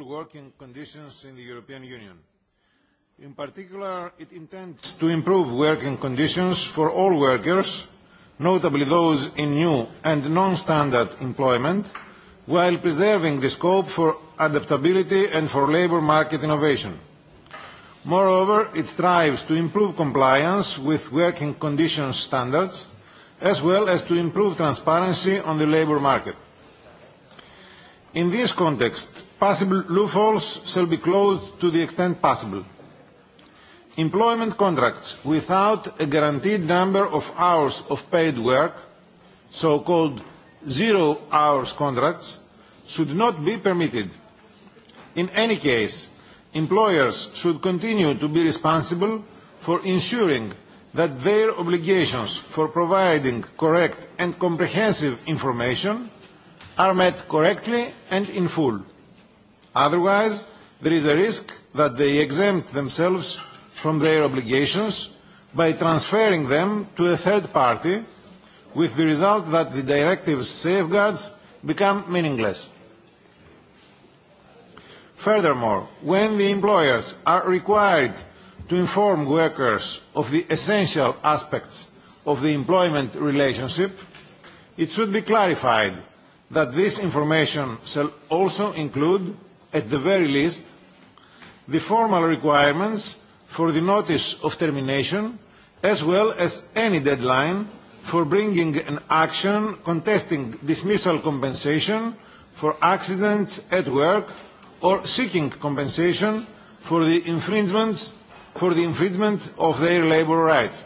equal working conditions in the European Union. In particular, it intends to improve working conditions for all workers, notably those in new and non-standard employment, while preserving the scope for adaptability and for labour market innovation. Moreover, it strives to improve compliance with working conditions standards, as well as to improve transparency on the labour market. In this context, possible loopholes shall be closed to the extent possible. Employment contracts without a guaranteed number of hours of paid work, so-called zero-hours contracts, should not be permitted. In any case, employers should continue to be responsible for ensuring that their obligations for providing correct and comprehensive information are met correctly and in full. Otherwise, there is a risk that they exempt themselves from their obligations by transferring them to a third party, with the result that the directive's safeguards become meaningless. Furthermore, when the employers are required to inform workers of the essential aspects of the employment relationship, it should be clarified that this information shall also include, at the very least, the formal requirements for the notice of termination, as well as any deadline for bringing an action contesting dismissal compensation for accidents at work or seeking compensation for the infringements for the infringement of their labor rights.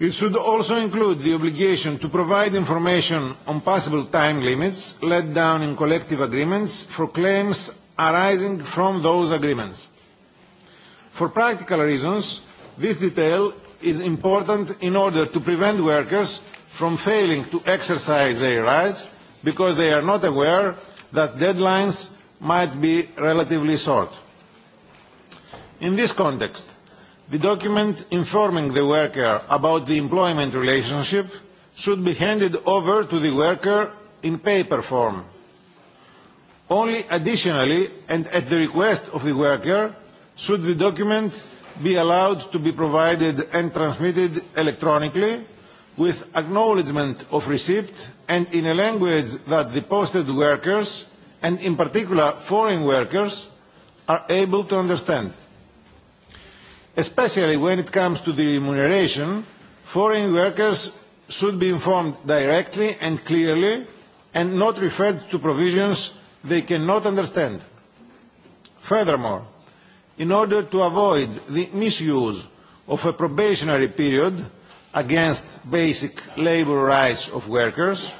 It should also include the obligation to provide information on possible time limits let down in collective agreements for claims arising from those agreements. For practical reasons, this detail is important in order to prevent workers from failing to exercise their rights because they are not aware that deadlines might be relatively short. In this context, The document informing the worker about the employment relationship should be handed over to the worker in paper form. Only additionally, and at the request of the worker, should the document be allowed to be provided and transmitted electronically with acknowledgement of receipt and in a language that the posted workers, and in particular foreign workers, are able to understand especially when it comes to the remuneration, foreign workers should be informed directly and clearly and not referred to provisions they cannot understand. Furthermore, in order to avoid the misuse of a probationary period against basic labour rights of workers,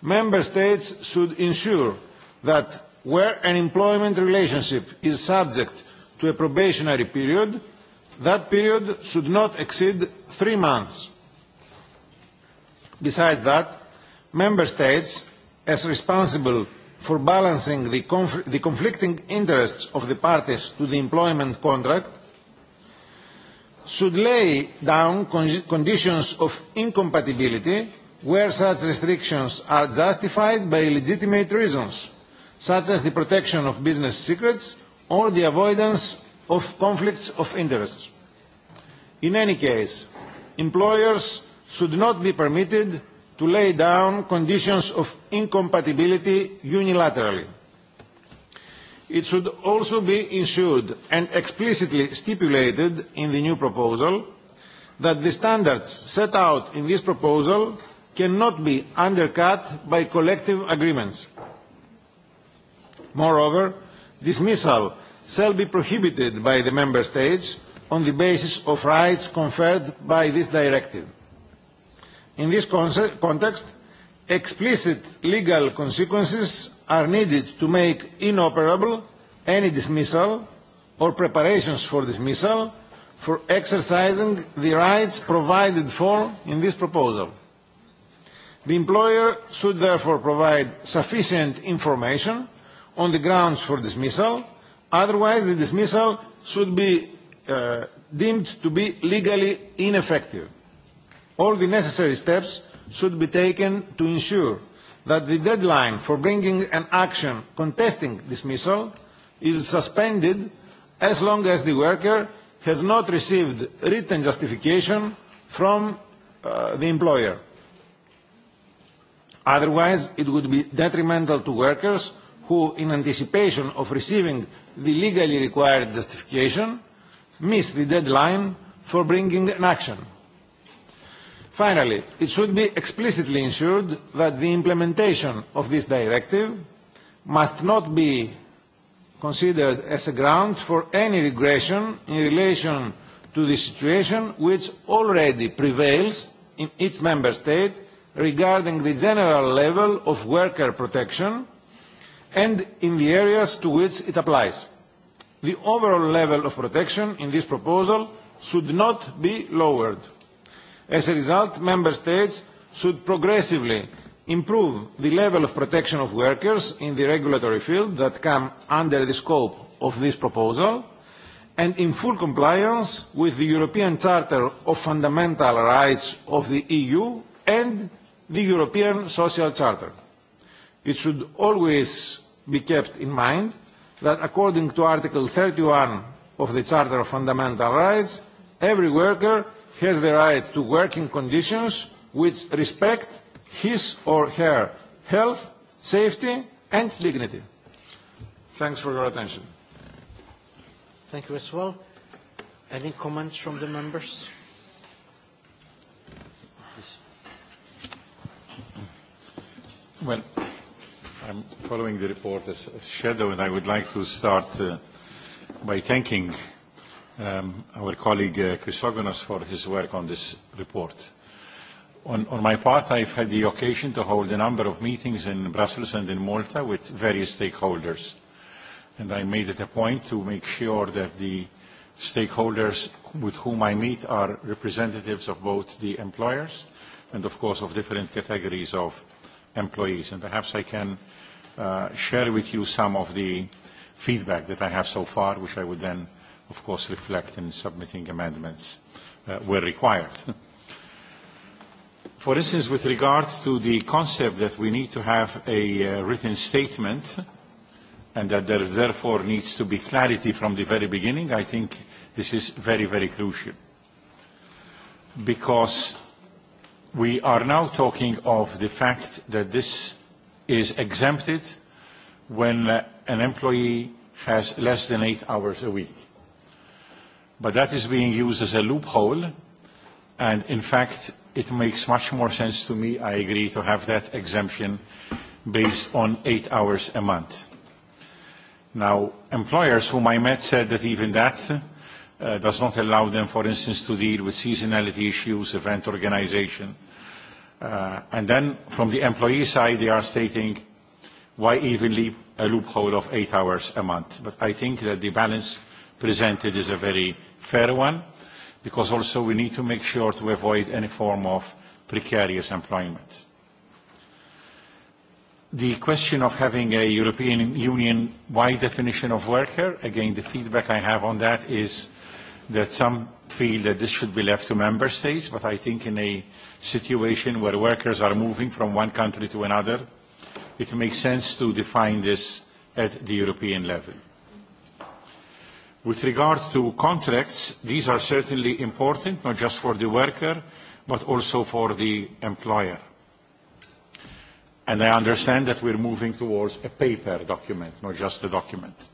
Member States should ensure that where an employment relationship is subject to a probationary period, that period should not exceed three months. Besides that, Member States, as responsible for balancing the, conf the conflicting interests of the parties to the employment contract, should lay down con conditions of incompatibility where such restrictions are justified by legitimate reasons, such as the protection of business secrets or the avoidance of conflicts of interest. In any case, employers should not be permitted to lay down conditions of incompatibility unilaterally. It should also be ensured and explicitly stipulated in the new proposal that the standards set out in this proposal cannot be undercut by collective agreements. Moreover, dismissal shall be prohibited by the member states on the basis of rights conferred by this directive. In this context, explicit legal consequences are needed to make inoperable any dismissal or preparations for dismissal for exercising the rights provided for in this proposal. The employer should therefore provide sufficient information on the grounds for dismissal Otherwise, the dismissal should be uh, deemed to be legally ineffective. All the necessary steps should be taken to ensure that the deadline for bringing an action contesting dismissal is suspended as long as the worker has not received written justification from uh, the employer. Otherwise, it would be detrimental to workers' who, in anticipation of receiving the legally required justification, missed the deadline for bringing an action. Finally, it should be explicitly ensured that the implementation of this directive must not be considered as a ground for any regression in relation to the situation which already prevails in each member state regarding the general level of worker protection and in the areas to which it applies. The overall level of protection in this proposal should not be lowered. As a result, Member States should progressively improve the level of protection of workers in the regulatory field that come under the scope of this proposal and in full compliance with the European Charter of Fundamental Rights of the EU and the European Social Charter. It should always be kept in mind that according to Article 31 of the Charter of Fundamental Rights, every worker has the right to working conditions which respect his or her health, safety and dignity. Thanks for your attention. Thank you as well. Any comments from the members? Well, I'm following the report as a shadow, and I would like to start uh, by thanking um, our colleague uh, Chrysogonos for his work on this report. On, on my part, I've had the occasion to hold a number of meetings in Brussels and in Malta with various stakeholders, and I made it a point to make sure that the stakeholders with whom I meet are representatives of both the employers and, of course, of different categories of employees. And perhaps I can uh, Uh, share with you some of the feedback that I have so far, which I would then, of course, reflect in submitting amendments uh, where required. For instance, with regard to the concept that we need to have a uh, written statement and that there therefore needs to be clarity from the very beginning, I think this is very, very crucial. Because we are now talking of the fact that this is exempted when uh, an employee has less than eight hours a week. But that is being used as a loophole, and in fact, it makes much more sense to me, I agree, to have that exemption based on eight hours a month. Now, employers whom I met said that even that uh, does not allow them, for instance, to deal with seasonality issues, event organization, uh, Uh, and then from the employee side, they are stating, why even leave a loophole of eight hours a month? But I think that the balance presented is a very fair one, because also we need to make sure to avoid any form of precarious employment. The question of having a European Union wide definition of worker, again, the feedback I have on that is that some feel that this should be left to member states, but I think in a uh, situation where workers are moving from one country to another, it makes sense to define this at the European level. With regard to contracts, these are certainly important, not just for the worker, but also for the employer. And I understand that we're moving towards a paper document, not just a document.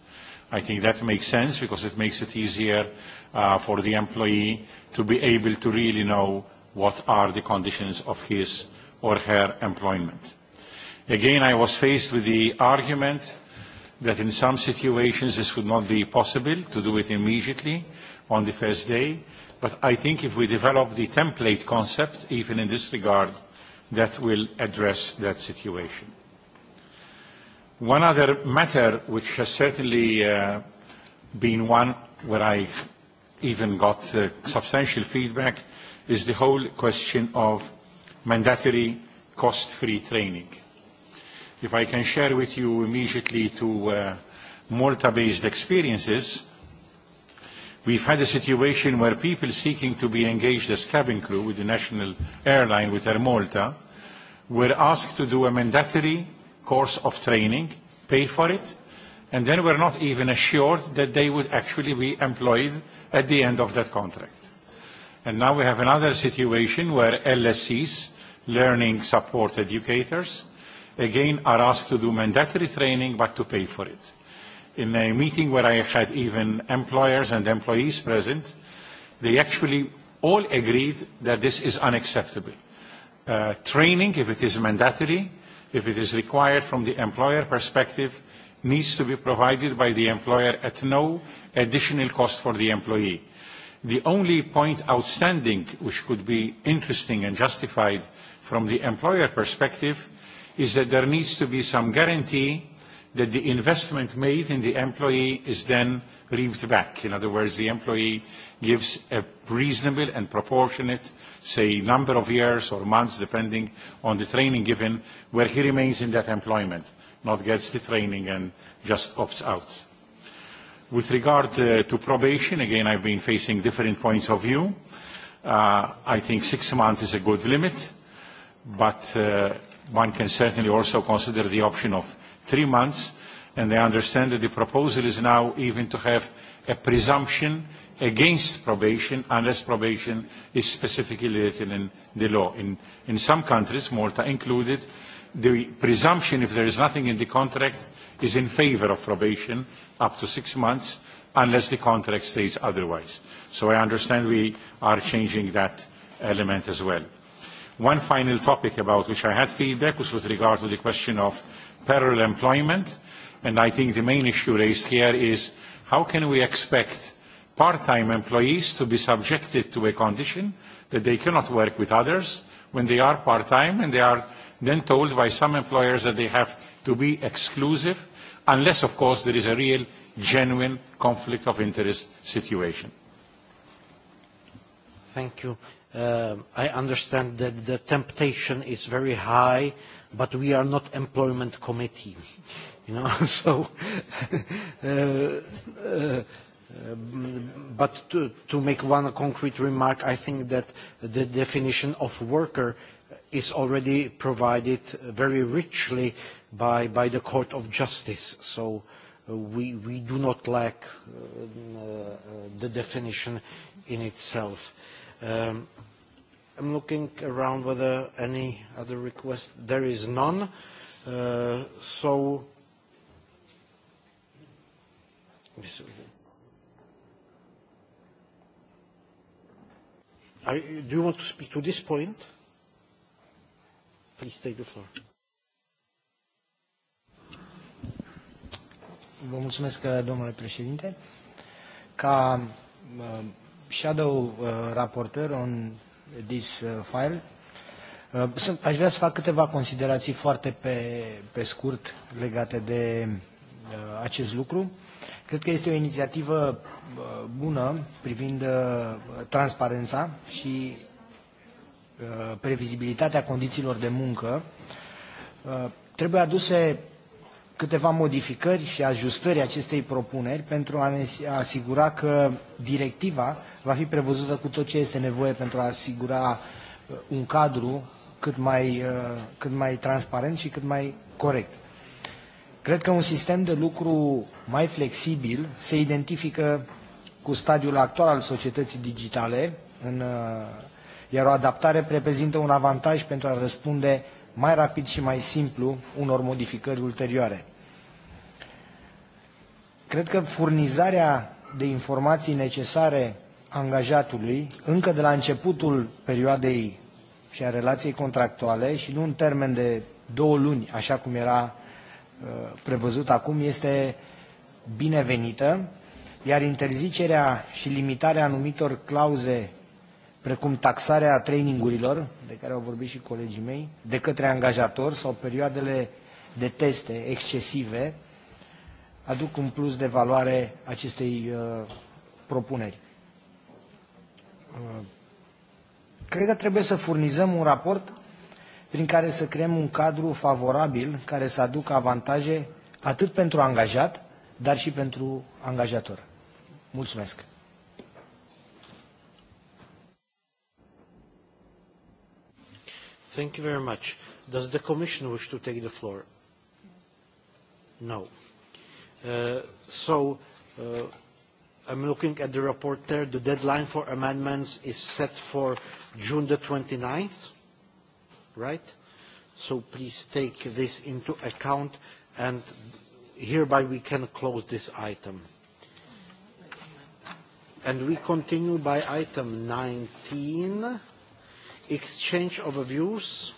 I think that makes sense because it makes it easier uh, for the employee to be able to really know what are the conditions of his or her employment. Again, I was faced with the argument that in some situations this would not be possible to do it immediately on the first day, but I think if we develop the template concept, even in this regard, that will address that situation. One other matter which has certainly uh, been one where I even got uh, substantial feedback is the whole question of mandatory cost-free training. If I can share with you immediately two uh, Malta-based experiences, we've had a situation where people seeking to be engaged as cabin crew with the national airline with Air Malta were asked to do a mandatory course of training, pay for it, and then were not even assured that they would actually be employed at the end of that contract. And now we have another situation where LSEs, learning support educators, again are asked to do mandatory training but to pay for it. In a meeting where I had even employers and employees present, they actually all agreed that this is unacceptable. Uh, training, if it is mandatory, if it is required from the employer perspective, needs to be provided by the employer at no additional cost for the employee. The only point outstanding which could be interesting and justified from the employer perspective is that there needs to be some guarantee that the investment made in the employee is then reaped back. In other words, the employee gives a reasonable and proportionate, say, number of years or months, depending on the training given, where he remains in that employment, not gets the training and just opts out. With regard uh, to probation, again, I've been facing different points of view. Uh, I think six months is a good limit, but uh, one can certainly also consider the option of three months, and I understand that the proposal is now even to have a presumption against probation unless probation is specifically written in the law. In, in some countries, Malta included, the presumption, if there is nothing in the contract, is in favor of probation up to six months unless the contract stays otherwise. So I understand we are changing that element as well. One final topic about which I had feedback was with regard to the question of parallel employment. And I think the main issue raised here is how can we expect part-time employees to be subjected to a condition that they cannot work with others when they are part-time and they are then told by some employers that they have to be exclusive unless, of course, there is a real, genuine conflict of interest situation. Thank you. Uh, I understand that the temptation is very high, but we are not employment committee. You know, so... uh, uh, but to, to make one concrete remark, I think that the definition of worker is already provided very richly uh, by, by the court of justice. So uh, we, we do not lack um, uh, uh, the definition in itself. Um, I'm looking around whether any other request. There is none. Uh, so I, do you want to speak to this point? Please take the floor. Vă mulțumesc, domnule președinte. Ca uh, shadow uh, raporter on this uh, file, aș vrea să fac câteva considerații foarte pe, pe scurt legate de acest lucru. Cred că este o inițiativă bună privind transparența și previzibilitatea condițiilor de muncă. Trebuie aduse câteva modificări și ajustări acestei propuneri pentru a ne asigura că directiva va fi prevăzută cu tot ce este nevoie pentru a asigura uh, un cadru cât mai, uh, cât mai transparent și cât mai corect. Cred că un sistem de lucru mai flexibil se identifică cu stadiul actual al societății digitale, în, uh, iar o adaptare reprezintă un avantaj pentru a răspunde mai rapid și mai simplu unor modificări ulterioare cred că furnizarea de informații necesare angajatului, încă de la începutul perioadei și a relației contractuale și nu în termen de două luni, așa cum era uh, prevăzut acum, este binevenită, iar interzicerea și limitarea anumitor clauze, precum taxarea trainingurilor, de care au vorbit și colegii mei, de către angajator sau perioadele de teste excesive, uh, aduc un plus de valoare acestei uh, propuneri. Uh, cred că trebuie să furnizăm un raport prin care să creăm un cadru favorabil care să aducă avantaje atât pentru angajat, dar și pentru angajator. Mulțumesc! Thank you very much. Does the Commission wish to take the floor? No. Uh, so uh, I'm looking at the report there. The deadline for amendments is set for June the 29th, right? So please take this into account, and hereby we can close this item. And we continue by item 19, exchange of views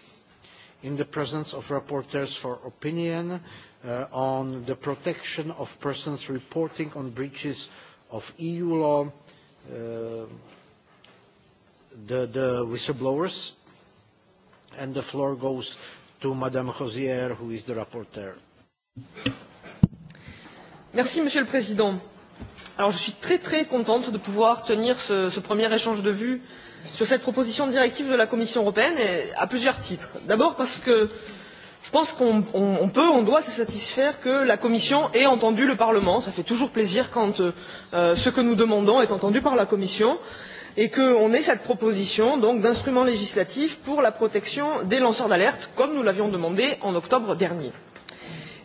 in the presence of reporters for opinion. Uh, on the protection of persons reporting on breaches of EU law, uh, the, the whistleblowers, and the floor goes to Madame Rosier, who is the rapporteur. Merci, Monsieur le Président. Alors, je suis très, très contente de pouvoir tenir ce, ce premier échange de vues sur cette proposition de directive de la Commission européenne et à plusieurs titres. D'abord parce que euh, je pense qu'on peut, on doit se satisfaire que la Commission ait entendu le Parlement. Ça fait toujours plaisir quand euh, euh ce que nous demandons est entendu par la Commission et qu'on ait cette proposition d'instrument législatif pour la protection des lanceurs d'alerte, comme nous l'avions demandé en octobre dernier.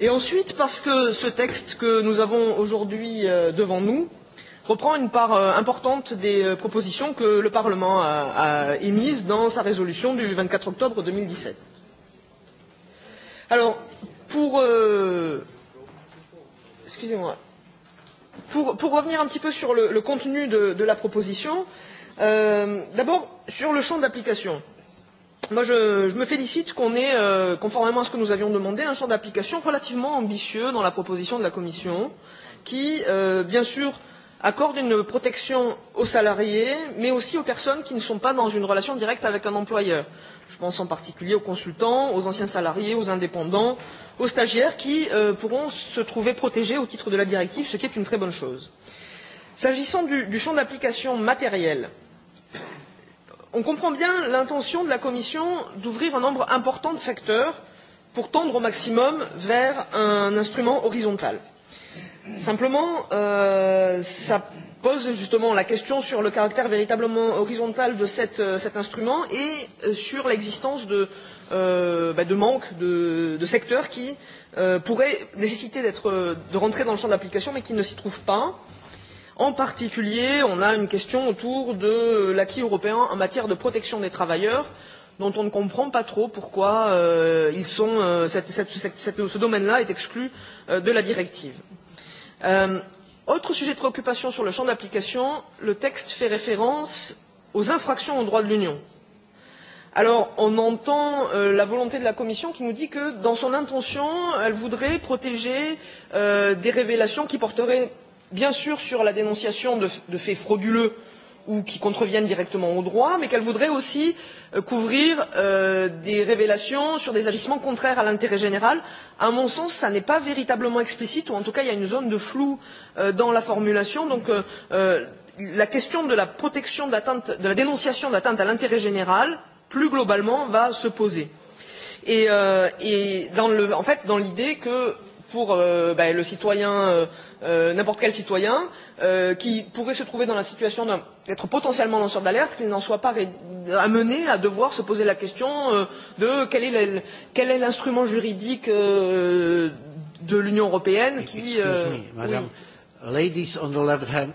Et ensuite, parce que ce texte que nous avons aujourd'hui euh, devant nous reprend une part euh, importante des propositions que le Parlement a, a émises dans sa résolution du 24 octobre 2017. Alors, pour, euh, excusez-moi, pour, pour revenir un petit peu sur le, le contenu de, de la proposition, euh, d'abord sur le champ d'application. Moi, je, je me félicite qu'on ait, euh, conformément à ce que nous avions demandé, un champ d'application relativement ambitieux dans la proposition de la Commission, qui, euh, bien sûr, accorde une protection aux salariés, mais aussi aux personnes qui ne sont pas dans une relation directe avec un employeur je pense en particulier aux consultants, aux anciens salariés, aux indépendants, aux stagiaires qui euh, pourront se trouver protégés au titre de la directive, ce qui est une très bonne chose. S'agissant du, du champ d'application matériel, on comprend bien l'intention de la Commission d'ouvrir un nombre important de secteurs pour tendre au maximum vers un instrument horizontal. Simplement, euh, ça pose justement la question sur le caractère véritablement horizontal de cette, euh, cet instrument et euh, sur l'existence de, euh, bah, de manques de, de secteurs qui euh, pourraient nécessiter d'être, euh, de rentrer dans le champ d'application mais qui ne s'y trouvent pas. En particulier, on a une question autour de l'acquis européen en matière de protection des travailleurs dont on ne comprend pas trop pourquoi euh, ils sont, euh, cette, cette, cette, ce domaine-là est exclu euh, de la directive. Euh, autre sujet de préoccupation sur le champ d'application le texte fait référence aux infractions au droit de l'union. alors on entend euh, la volonté de la commission qui nous dit que dans son intention elle voudrait protéger euh, des révélations qui porteraient bien sûr sur la dénonciation de, de faits frauduleux ou qui contreviennent directement au droit, mais qu'elle voudrait aussi euh, couvrir euh, des révélations sur des agissements contraires à l'intérêt général. À mon sens, ça n'est pas véritablement explicite, ou en tout cas, il y a une zone de flou euh, dans la formulation. Donc, euh, euh, la question de la protection d'atteinte, de la dénonciation d'atteinte à l'intérêt général, plus globalement, va se poser. Et, euh, et dans le, en fait, dans l'idée que pour euh, ben, le citoyen euh, euh, n'importe quel citoyen euh, qui pourrait se trouver dans la situation d'être potentiellement lanceur d'alerte, qu'il n'en soit pas amené à devoir se poser la question euh, de quel est, le, quel est l'instrument juridique euh, de l'Union européenne qui. Euh, me, madame, oui. ladies on the left hand,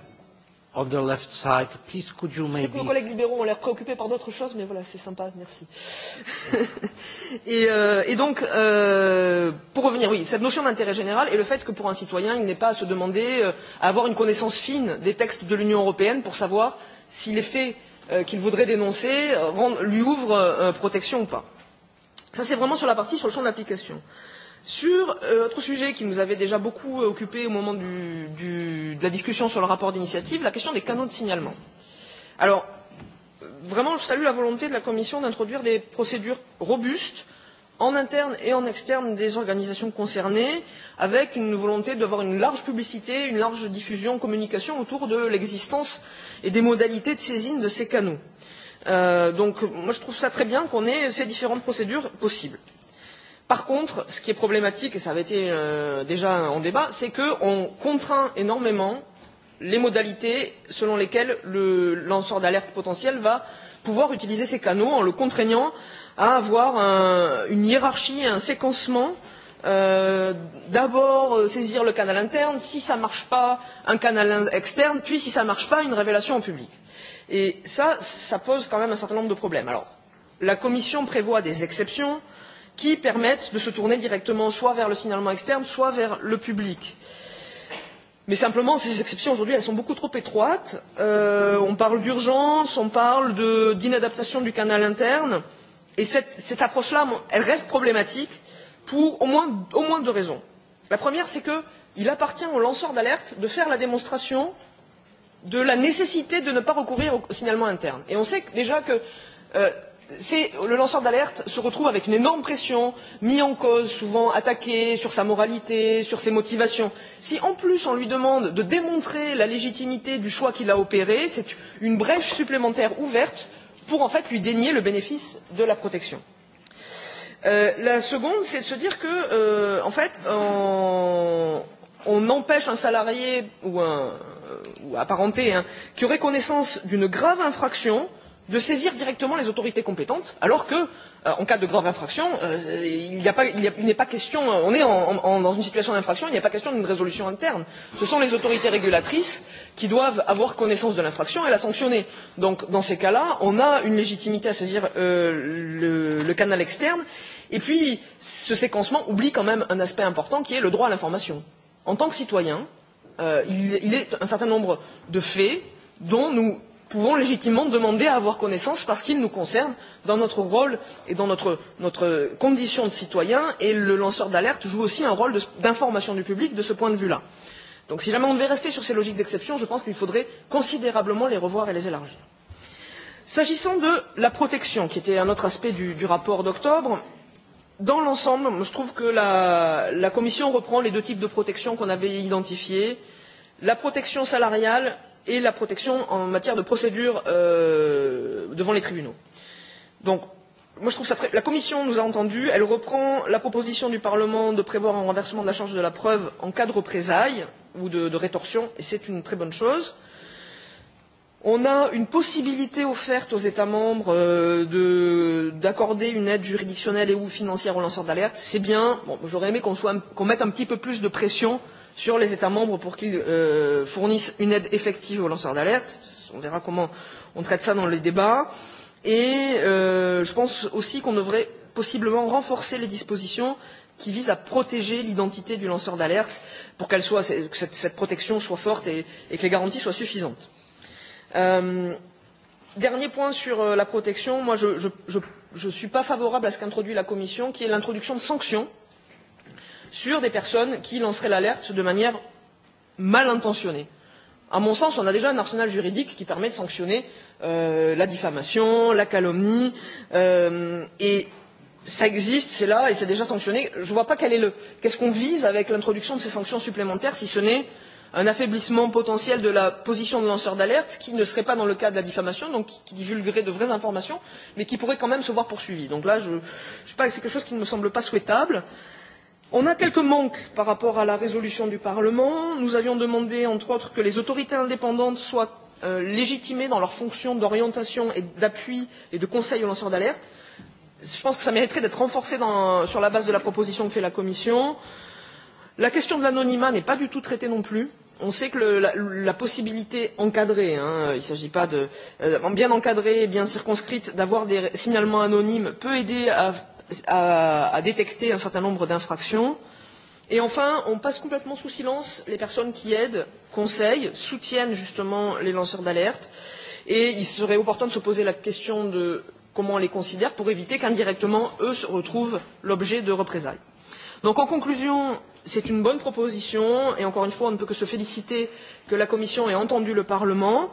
on the left side. Please, could you maybe... Je que nos collègues libéraux ont l'air préoccupés par d'autres choses, mais voilà, c'est sympa, merci. et, euh, et donc, euh, pour revenir, oui, cette notion d'intérêt général et le fait que pour un citoyen, il n'est pas à se demander euh, à avoir une connaissance fine des textes de l'Union européenne pour savoir si les faits euh, qu'il voudrait dénoncer euh, rend, lui ouvrent euh, protection ou pas. Ça, c'est vraiment sur la partie sur le champ d'application. Euh, Sur euh, autre sujet qui nous avait déjà beaucoup euh, occupé au moment du, du, de la discussion sur le rapport d'initiative, la question des canaux de signalement. Alors, vraiment, je salue la volonté de la Commission d'introduire des procédures robustes en interne et en externe des organisations concernées, avec une volonté d'avoir une large publicité, une large diffusion, communication autour de l'existence et des modalités de saisine de ces canaux. Euh, donc, moi, je trouve ça très bien qu'on ait ces différentes procédures possibles. Par contre, ce qui est problématique, et ça avait été euh, déjà en débat, c'est qu'on contraint énormément les modalités selon lesquelles le lanceur d'alerte potentiel va pouvoir utiliser ses canaux en le contraignant à avoir un, une hiérarchie, un séquencement. Euh, D'abord euh, saisir le canal interne, si ça ne marche pas, un canal externe, puis si ça ne marche pas, une révélation au public. Et ça, ça pose quand même un certain nombre de problèmes. Alors, la Commission prévoit des exceptions qui permettent de se tourner directement soit vers le signalement externe, soit vers le public. Mais simplement, ces exceptions aujourd'hui, elles sont beaucoup trop étroites. Euh, on parle d'urgence, on parle d'inadaptation du canal interne. Et cette, cette approche-là, elle reste problématique pour au moins, au moins deux raisons. La première, c'est qu'il appartient aux lanceurs d'alerte de faire la démonstration de la nécessité de ne pas recourir au signalement interne. Et on sait déjà que euh, le lanceur d'alerte se retrouve avec une énorme pression, mis en cause, souvent attaqué sur sa moralité, sur ses motivations. Si en plus on lui demande de démontrer la légitimité du choix qu'il a opéré, c'est une brèche supplémentaire ouverte pour en fait lui dénier le bénéfice de la protection. Euh, la seconde, c'est de se dire que, euh, en fait, on, on empêche un salarié ou un euh, ou apparenté hein, qui aurait connaissance d'une grave infraction euh, de saisir directement les autorités compétentes alors que euh, en cas de grave infraction euh, il, y a pas, il, y a, il n'est pas question on est en, en, dans une situation d'infraction il n'y a pas question d'une résolution interne ce sont les autorités régulatrices qui doivent avoir connaissance de l'infraction et la sanctionner donc dans ces cas là on a une légitimité à saisir euh, le, le canal externe et puis ce séquencement oublie quand même un aspect important qui est le droit à l'information en tant que citoyen euh, il, il est un certain nombre de faits dont nous pouvons légitimement demander à avoir connaissance parce qu'il nous concerne dans notre rôle et dans notre, notre condition de citoyen et le lanceur d'alerte joue aussi un rôle d'information du public de ce point de vue-là. Donc si jamais on devait rester sur ces logiques d'exception, je pense qu'il faudrait considérablement les revoir et les élargir. S'agissant de la protection, qui était un autre aspect du, du rapport d'octobre, dans l'ensemble, je trouve que la, la Commission reprend les deux types de protection qu'on avait identifiés la protection salariale et la protection en matière de procédure euh, devant les tribunaux. Donc, moi je trouve ça très... La Commission nous a entendus, elle reprend la proposition du Parlement de prévoir un renversement de la charge de la preuve en cas de représailles ou de, de rétorsion, et c'est une très bonne chose. On a une possibilité offerte aux États membres euh, d'accorder une aide juridictionnelle et ou financière aux lanceurs d'alerte. C'est bien. Bon, J'aurais aimé qu'on qu mette un petit peu plus de pression euh, sur les États membres pour qu'ils euh, fournissent une aide effective aux lanceurs d'alerte. On verra comment on traite ça dans les débats. Et euh, je pense aussi qu'on devrait possiblement renforcer les dispositions qui visent à protéger l'identité du lanceur d'alerte pour qu'elle soit, que cette, cette protection soit forte et, et que les garanties soient suffisantes. Euh, dernier point sur euh, la protection. Moi, je ne suis pas favorable à ce qu'introduit la Commission, qui est l'introduction de sanctions sur des personnes qui lanceraient l'alerte de manière mal intentionnée. À mon sens, on a déjà un arsenal juridique qui permet de sanctionner euh, la diffamation, la calomnie, euh, et ça existe, c'est là, et c'est déjà sanctionné. Je ne vois pas quel est le qu'est-ce qu'on vise avec l'introduction de ces sanctions supplémentaires, si ce n'est un affaiblissement potentiel de la position de lanceur d'alerte qui ne serait pas dans le cas de la diffamation, donc qui, qui divulguerait de vraies informations, mais qui pourrait quand même se voir poursuivi. Donc là, je, je c'est quelque chose qui ne me semble pas souhaitable. Euh, On a quelques manques par rapport à la résolution du Parlement. Nous avions demandé, entre autres, que les autorités indépendantes soient euh, légitimées dans leur fonction d'orientation et d'appui et de conseil aux lanceurs d'alerte. Je pense que ça mériterait d'être renforcé dans, sur la base de la proposition que fait la Commission. La question de l'anonymat n'est pas du tout traitée non plus. On sait que le, la, la possibilité encadrée, hein, il ne s'agit pas de euh, bien encadrée, bien circonscrite, d'avoir des signalements anonymes peut aider à à, à détecter un certain nombre d'infractions. Et enfin, on passe complètement sous silence les personnes qui aident, conseillent, soutiennent justement les lanceurs d'alerte. Et il serait opportun de se poser la question de comment on les considère pour éviter qu'indirectement, eux se retrouvent l'objet de représailles. Donc en conclusion, c'est une bonne proposition et encore une fois, on ne peut que se féliciter que la Commission ait entendu le Parlement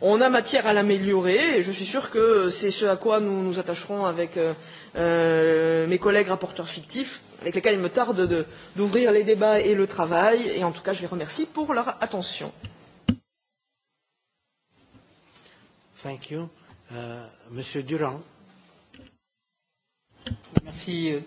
on a matière à l'améliorer et je suis sûr que c'est ce à quoi nous nous attacherons avec euh, euh mes collègues rapporteurs fictifs avec lesquels il me tarde d'ouvrir les débats et le travail et en tout cas je les remercie pour leur attention. Thank you. Euh, monsieur Durand. Merci euh,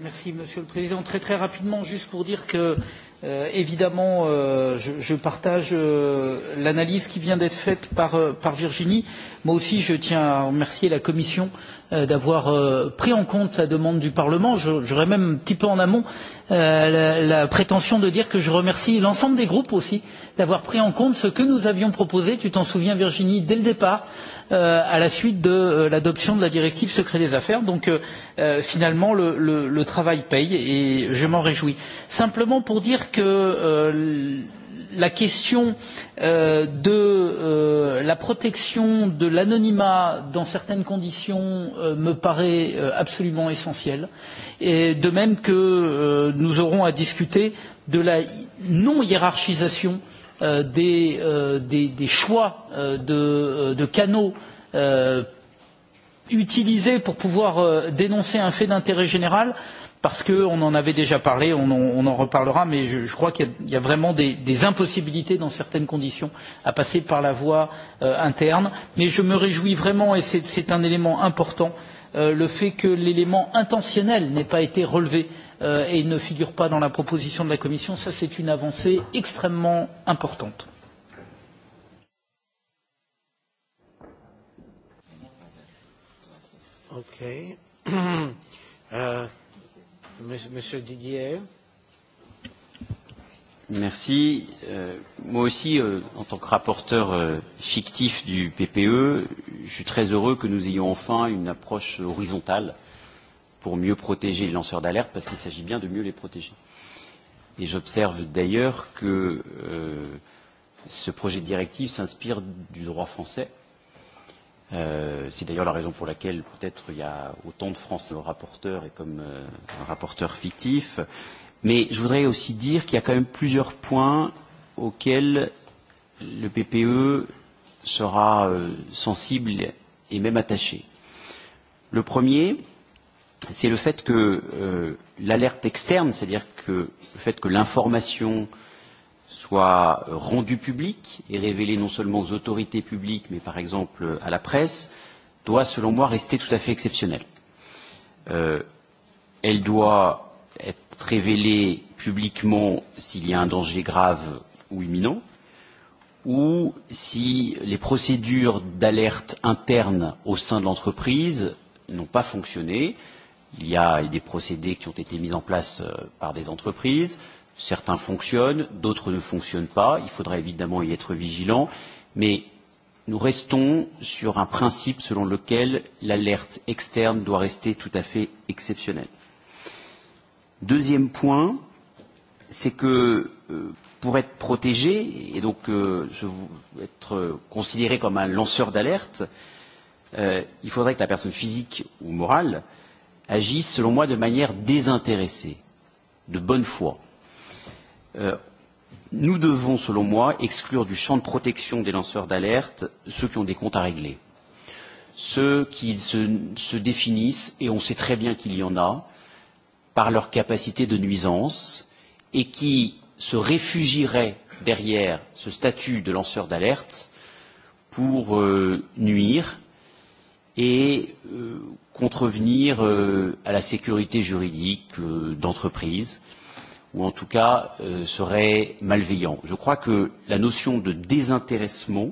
Merci Monsieur le Président. Très très rapidement, juste pour dire que, euh, évidemment, euh, je, je partage euh, l'analyse qui vient d'être faite par, euh, par Virginie. Moi aussi, je tiens à remercier la Commission euh, Euh, d'avoir euh, pris en compte la demande du Parlement. J'aurais même un petit peu en amont euh, la prétention de dire que je remercie l'ensemble des groupes aussi d'avoir pris en compte ce que nous avions proposé. Tu t'en souviens, Virginie, dès le départ. Euh, à la suite de euh, l'adoption de la directive secret des affaires. Donc euh, finalement, le, le, le travail paye et je m'en réjouis. Simplement pour dire que euh, la question euh, de euh, la protection de l'anonymat dans certaines conditions euh, me paraît euh, absolument essentielle, et de même que euh, nous aurons à discuter de la non hiérarchisation euh, des, euh, des, des choix euh, de, euh, de canaux euh, utilisés pour pouvoir euh, dénoncer un fait d'intérêt général. Euh, parce qu'on en avait déjà parlé, on en, on en reparlera, mais je, je crois qu'il y, y a vraiment des, des impossibilités dans certaines conditions à passer par la voie euh, interne. Mais je me réjouis vraiment, et c'est un élément important, euh, le fait que l'élément intentionnel n'ait pas été relevé euh, et ne figure pas dans la proposition de la Commission, ça c'est une avancée extrêmement importante. Okay. uh... Monsieur Didier. Merci. Euh, moi aussi, euh, en tant que rapporteur euh, fictif du PPE, je suis très heureux que nous ayons enfin une approche horizontale pour mieux protéger les lanceurs d'alerte, parce qu'il s'agit bien de mieux les protéger. Et j'observe d'ailleurs que euh, ce projet de directive s'inspire du droit français, Euh, c'est d'ailleurs la raison pour laquelle peut-être il y a autant de Français au rapporteur et comme euh, un rapporteur fictif. Mais je voudrais aussi dire qu'il y a quand même plusieurs points auxquels le PPE sera euh, sensible et même attaché. Le premier, c'est le fait que euh, l'alerte externe, c'est-à-dire que le fait que l'information euh, soit euh, rendu public et révélé non seulement aux autorités publiques, mais par exemple euh, à la presse, doit, selon moi, rester tout à fait exceptionnelle. Euh, elle doit être révélée publiquement s'il y a un danger grave ou imminent, ou si les procédures d'alerte interne au sein de l'entreprise n'ont pas fonctionné. Il y a des procédés qui ont été mis en place euh, par des entreprises. Certains fonctionnent, d'autres ne fonctionnent pas. Il faudra évidemment y être vigilant. Mais nous restons sur un principe selon lequel l'alerte externe doit rester tout à fait exceptionnelle. Deuxième point, c'est que euh, pour être protégé et donc euh, être considéré comme un lanceur d'alerte, euh, il faudrait que la personne physique ou morale agisse, selon moi, de manière désintéressée, de bonne foi. Euh, nous devons, selon moi, exclure du champ de protection des lanceurs d'alerte ceux qui ont des comptes à régler, ceux qui se, se définissent et on sait très bien qu'il y en a par leur capacité de nuisance et qui se réfugieraient derrière ce statut de lanceur d'alerte pour euh, nuire et euh, contrevenir euh, à la sécurité juridique euh, d'entreprise ou en tout cas euh, serait malveillant. Je crois que la notion de désintéressement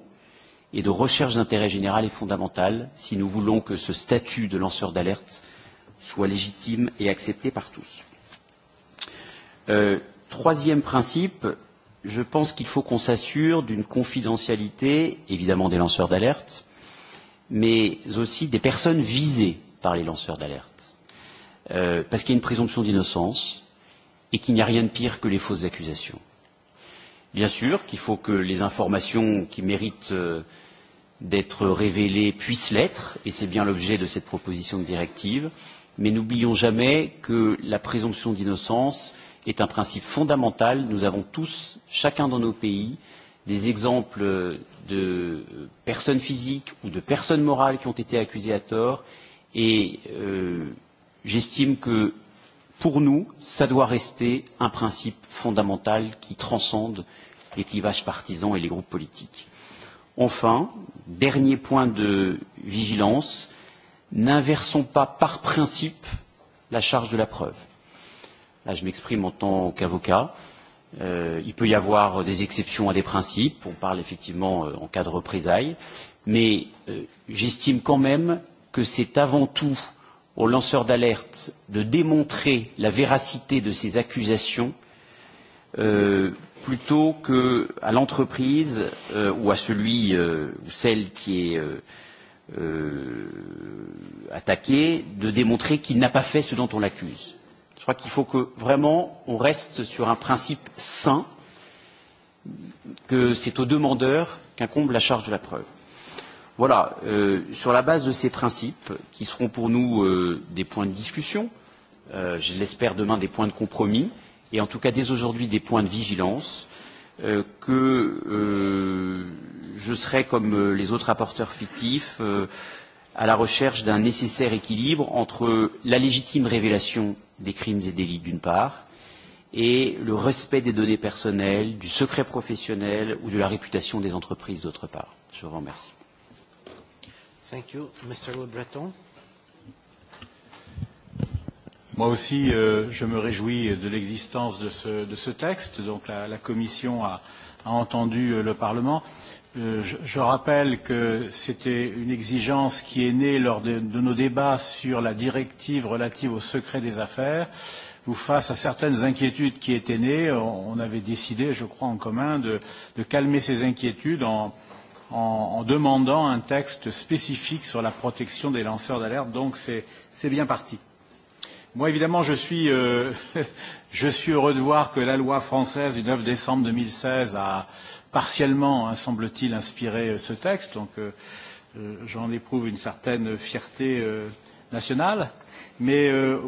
et de recherche d'intérêt général est fondamentale si nous voulons que ce statut de lanceur d'alerte soit légitime et accepté par tous. Euh, troisième principe, je pense qu'il faut qu'on s'assure d'une confidentialité, évidemment des lanceurs d'alerte, mais aussi des personnes visées par les lanceurs d'alerte. Euh, parce qu'il y a une présomption d'innocence, et qu'il n'y a rien de pire que les fausses accusations. Bien sûr qu'il faut que les informations qui méritent euh, d'être révélées puissent l'être, et c'est bien l'objet de cette proposition de directive, mais n'oublions jamais que la présomption d'innocence est un principe fondamental. Nous avons tous, chacun dans nos pays, des exemples de personnes physiques ou de personnes morales qui ont été accusées à tort, et euh, j'estime que pour nous, ça doit rester un principe fondamental qui transcende les clivages partisans et les groupes politiques. Enfin, dernier point de vigilance, n'inversons pas par principe la charge de la preuve. Là, je m'exprime en tant qu'avocat. Euh, il peut y avoir des exceptions à des principes, on parle effectivement euh, en cas de représailles, mais euh, j'estime quand même que c'est avant tout euh, aux lanceurs d'alerte de démontrer la véracité de ces accusations euh, plutôt que à l'entreprise euh, ou à celui euh, ou celle qui est euh, euh, attaqué de démontrer qu'il n'a pas fait ce dont on l'accuse. Je crois qu'il faut que vraiment on reste sur un principe sain que c'est au demandeur qu'incombe la charge de la preuve. Voilà, euh, sur la base de ces principes, qui seront pour nous euh, des points de discussion, euh, je l'espère demain des points de compromis, et en tout cas dès aujourd'hui des points de vigilance, euh, que euh, je serai, comme euh, les autres rapporteurs fictifs, euh, à la recherche d'un nécessaire équilibre entre la légitime révélation des crimes et délits d'une part, et le respect des données personnelles, du secret professionnel ou de la réputation des entreprises d'autre part. Je vous remercie. Thank you. Mr. Le Breton. Moi aussi, euh, je me réjouis de l'existence de ce, de ce texte. Donc la, la Commission a, a entendu euh, le Parlement. Euh, je, je rappelle que c'était une exigence qui est née lors de, de nos débats sur la directive relative au secret des affaires, où face à certaines inquiétudes qui étaient nées, on, on avait décidé, je crois en commun, de, de calmer ces inquiétudes en, en, en demandant un texte spécifique sur la protection des lanceurs d'alerte. Donc c'est bien parti. Moi, évidemment, je suis, euh, je suis heureux de voir que la loi française du 9 décembre 2016 a partiellement, hein, semble-t-il, inspiré euh, ce texte. Donc euh, euh, j'en éprouve une certaine fierté euh, nationale. Euh, Mais euh,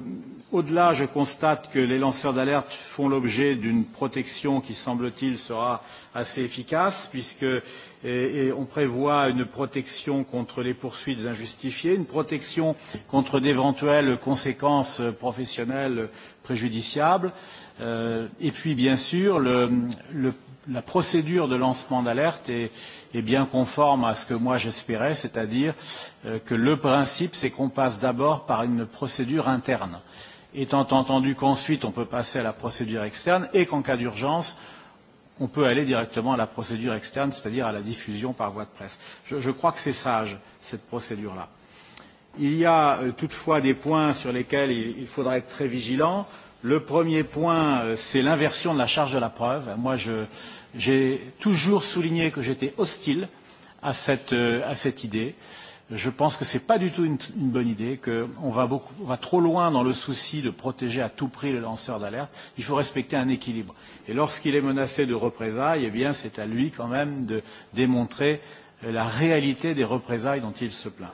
au-delà, je constate que les lanceurs d'alerte font l'objet d'une protection qui, semble-t-il, sera assez efficace, puisque et, et on prévoit une protection contre les poursuites injustifiées, une protection contre d'éventuelles conséquences professionnelles préjudiciables, euh, et puis, bien sûr, le, le, la procédure de lancement d'alerte est, est bien conforme à ce que moi j'espérais, c'est-à-dire euh, que le principe, c'est qu'on passe d'abord par une procédure interne, étant entendu qu'ensuite on peut passer à la procédure externe et qu'en cas d'urgence, on peut aller directement à la procédure externe, c'est-à-dire à la diffusion par voie de presse. Je, je crois que c'est sage, cette procédure-là. Il y a euh, toutefois des points sur lesquels il, il faudra être très vigilant. Le premier point, euh, c'est l'inversion de la charge de la preuve. Moi, je, euh, J'ai toujours souligné que j'étais hostile à cette, euh, à cette idée. Je pense que ce n'est pas du tout une, une bonne idée, qu'on va, va trop loin dans le souci de protéger à tout prix le lanceur d'alerte. Il faut respecter un équilibre. Et lorsqu'il est menacé de représailles, eh bien, c'est à lui quand même de démontrer euh, la réalité des représailles dont il se plaint.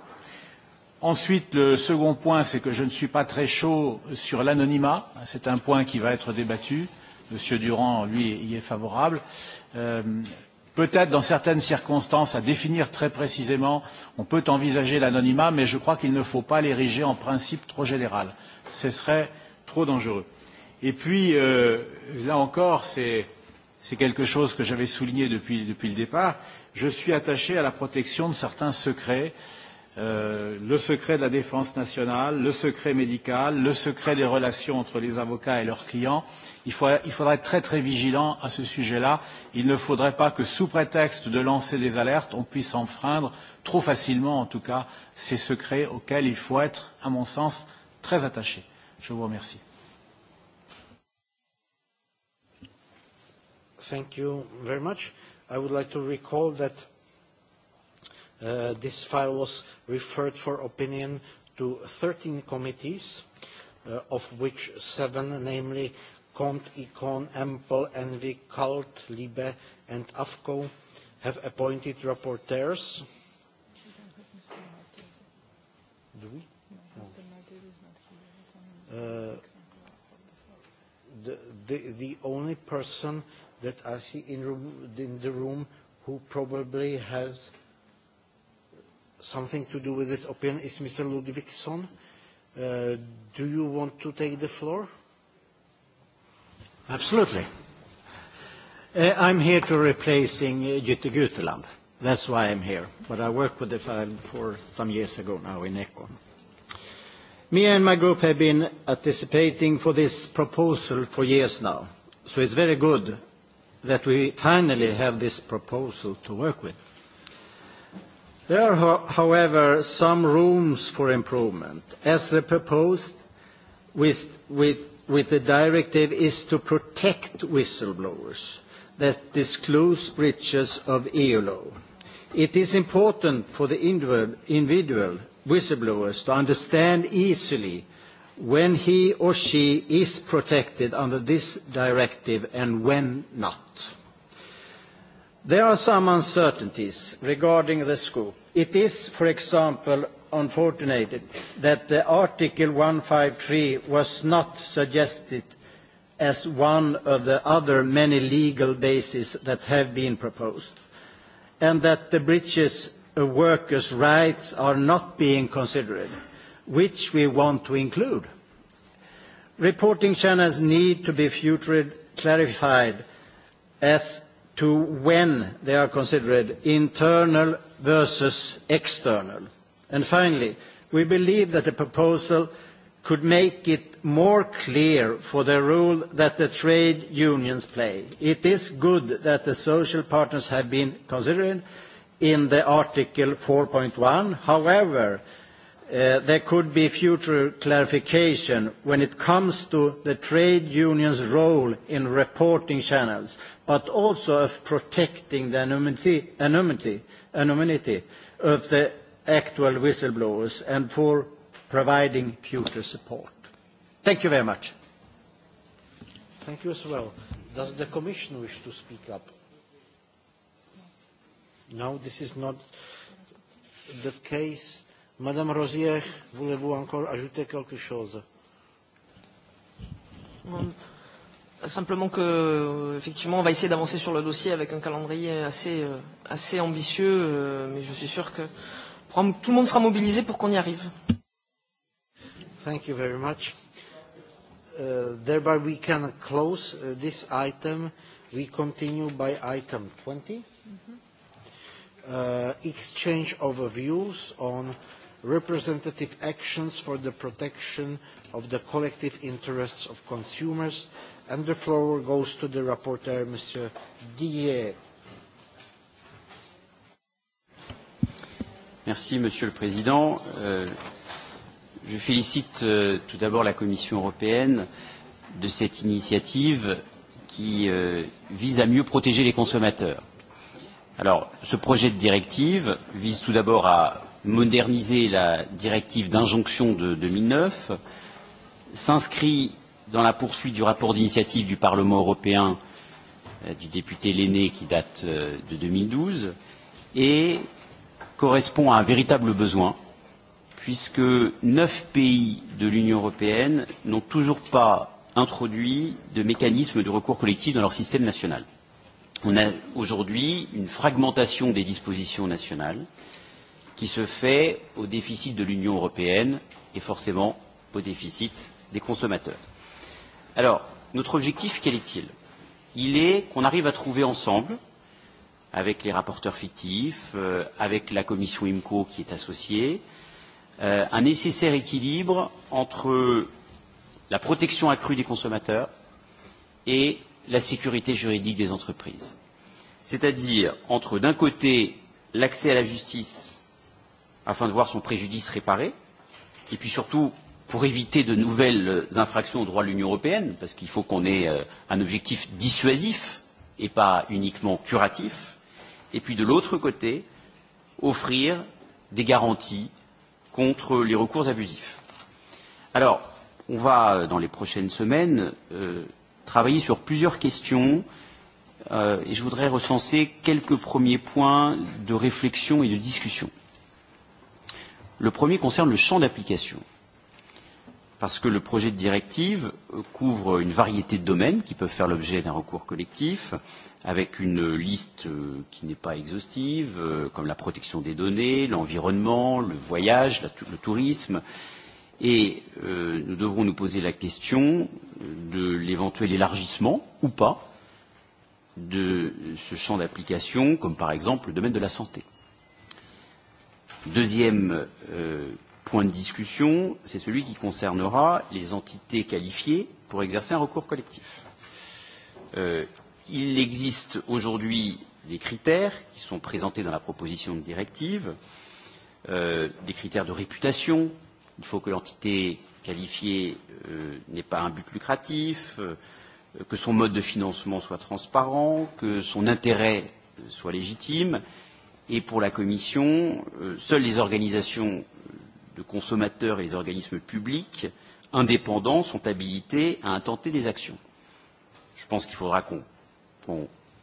Ensuite, le second point, c'est que je ne suis pas très chaud sur l'anonymat. C'est un point qui va être débattu. Euh, Monsieur Durand, lui, y est favorable. Euh, Peut-être dans certaines circonstances, à définir très précisément, on peut envisager l'anonymat, mais je crois qu'il ne faut pas l'ériger en principe trop général. Ce serait trop dangereux. Et puis, euh, là encore, c'est quelque chose que j'avais souligné depuis, depuis le départ, je suis attaché à la protection de certains secrets, euh, le secret de la défense nationale, le secret médical, le secret des relations entre les avocats et leurs clients. Il, faut, il faudrait être très très vigilant à ce sujet-là. Il ne faudrait pas que, sous prétexte de lancer des alertes, on puisse enfreindre trop facilement, en tout cas, ces secrets auxquels il faut être, à mon sens, très attaché. Je vous remercie. Thank you very much. I would like to recall that uh, this file was referred for opinion to 13 committees, uh, of which seven, namely Comte, Econ, Ample, Envy, Cult, Libe, and AFCO have appointed rapporteurs. Do we? No. Uh, the, the, the only person that I see in, room, in the room who probably has something to do with this opinion is Mr. Ludwigson. Uh, do you want to take the floor? Absolutely. Uh, I'm here to replacing uh, Jytte Guteland. That's why I'm here. But I worked with the firm for some years ago now in Ekon. Me and my group have been anticipating for this proposal for years now. So it's very good that we finally have this proposal to work with. There are, however, some rooms for improvement. As they proposed, with with the directive is to protect whistleblowers that disclose breaches of EU law. It is important for the individual whistleblowers to understand easily when he or she is protected under this directive and when not. There are some uncertainties regarding the scope. It is, for example, unfortunate that the Article 153 was not suggested as one of the other many legal bases that have been proposed, and that the breaches of uh, workers' rights are not being considered, which we want to include. Reporting channels need to be future clarified as to when they are considered internal versus external. Finally, we believe that the proposal could make it more clear for the role that the trade unions play. It is good that the social partners have been considered in the Article 4.1. However, uh, there could be future clarification when it comes to the trade union's role in reporting channels, but also of protecting the anonymity of the actual whistleblowers and for providing future support. Thank you very much. Thank you as well. Does the Commission wish to speak up? No, this is not the case. Madame Rosier, voulez-vous encore ajouter quelque chose mm. Simplement que, euh, effectivement, on va essayer d'avancer sur le dossier avec un calendrier assez, euh, assez ambitieux, euh, mais je suis sûr que euh, tout le monde sera mobilisé pour qu'on y arrive. Thank you very much. Uh, thereby we can close uh, this item. We continue by item 20. Uh, exchange of views on representative actions for the protection of the collective interests of consumers. And the floor goes to the rapporteur, Mr. Dier. Merci Monsieur le Président. Euh, je félicite euh, tout d'abord la Commission européenne de cette initiative qui euh, vise à mieux protéger les consommateurs. Alors, ce projet de directive vise tout d'abord à moderniser la directive d'injonction de 2009, s'inscrit dans la poursuite du rapport d'initiative du Parlement européen euh, du député Lenné qui date euh, de 2012 et correspond à un véritable besoin, puisque neuf pays de l'Union européenne n'ont toujours pas introduit de mécanisme de recours collectif dans leur système national. On a aujourd'hui une fragmentation des dispositions nationales qui se fait au déficit de l'Union européenne et forcément au déficit des consommateurs. Alors, notre objectif, quel est-il Il est qu'on arrive à trouver ensemble, avec les rapporteurs fictifs, euh, avec la commission IMCO qui est associée, euh, un nécessaire équilibre entre la protection accrue des consommateurs et la sécurité juridique des entreprises. C'est-à-dire entre, d'un côté, l'accès à la justice afin de voir son préjudice réparé, et puis surtout pour éviter de nouvelles infractions au droit de l'Union européenne, parce qu'il faut qu'on ait euh, un objectif dissuasif et pas uniquement curatif, et puis de l'autre côté, offrir des garanties contre les recours abusifs. Alors, on va, euh, dans les prochaines semaines, euh, travailler sur plusieurs questions euh, et je voudrais recenser quelques premiers points de réflexion et de discussion. Le premier concerne le champ d'application parce que le projet de directive euh, couvre une variété de domaines qui peuvent faire l'objet d'un recours collectif, avec une liste euh, qui n'est pas exhaustive, euh, comme la protection des données, l'environnement, le voyage, le tourisme. Et euh, nous devrons nous poser la question de l'éventuel élargissement, ou pas, de ce champ d'application, comme par exemple le domaine de la santé. Deuxième euh, point de discussion, c'est celui qui concernera les entités qualifiées pour exercer un recours collectif. Euh, il existe aujourd'hui des critères qui sont présentés dans la proposition de directive, euh, des critères de réputation. Il faut que l'entité qualifiée euh, n'ait pas un but lucratif, euh, que son mode de financement soit transparent, que son intérêt soit légitime. Et pour la Commission, euh, seules les organisations de consommateurs et les organismes publics indépendants sont habilités à intenter des actions. Je pense qu'il faudra qu'on qu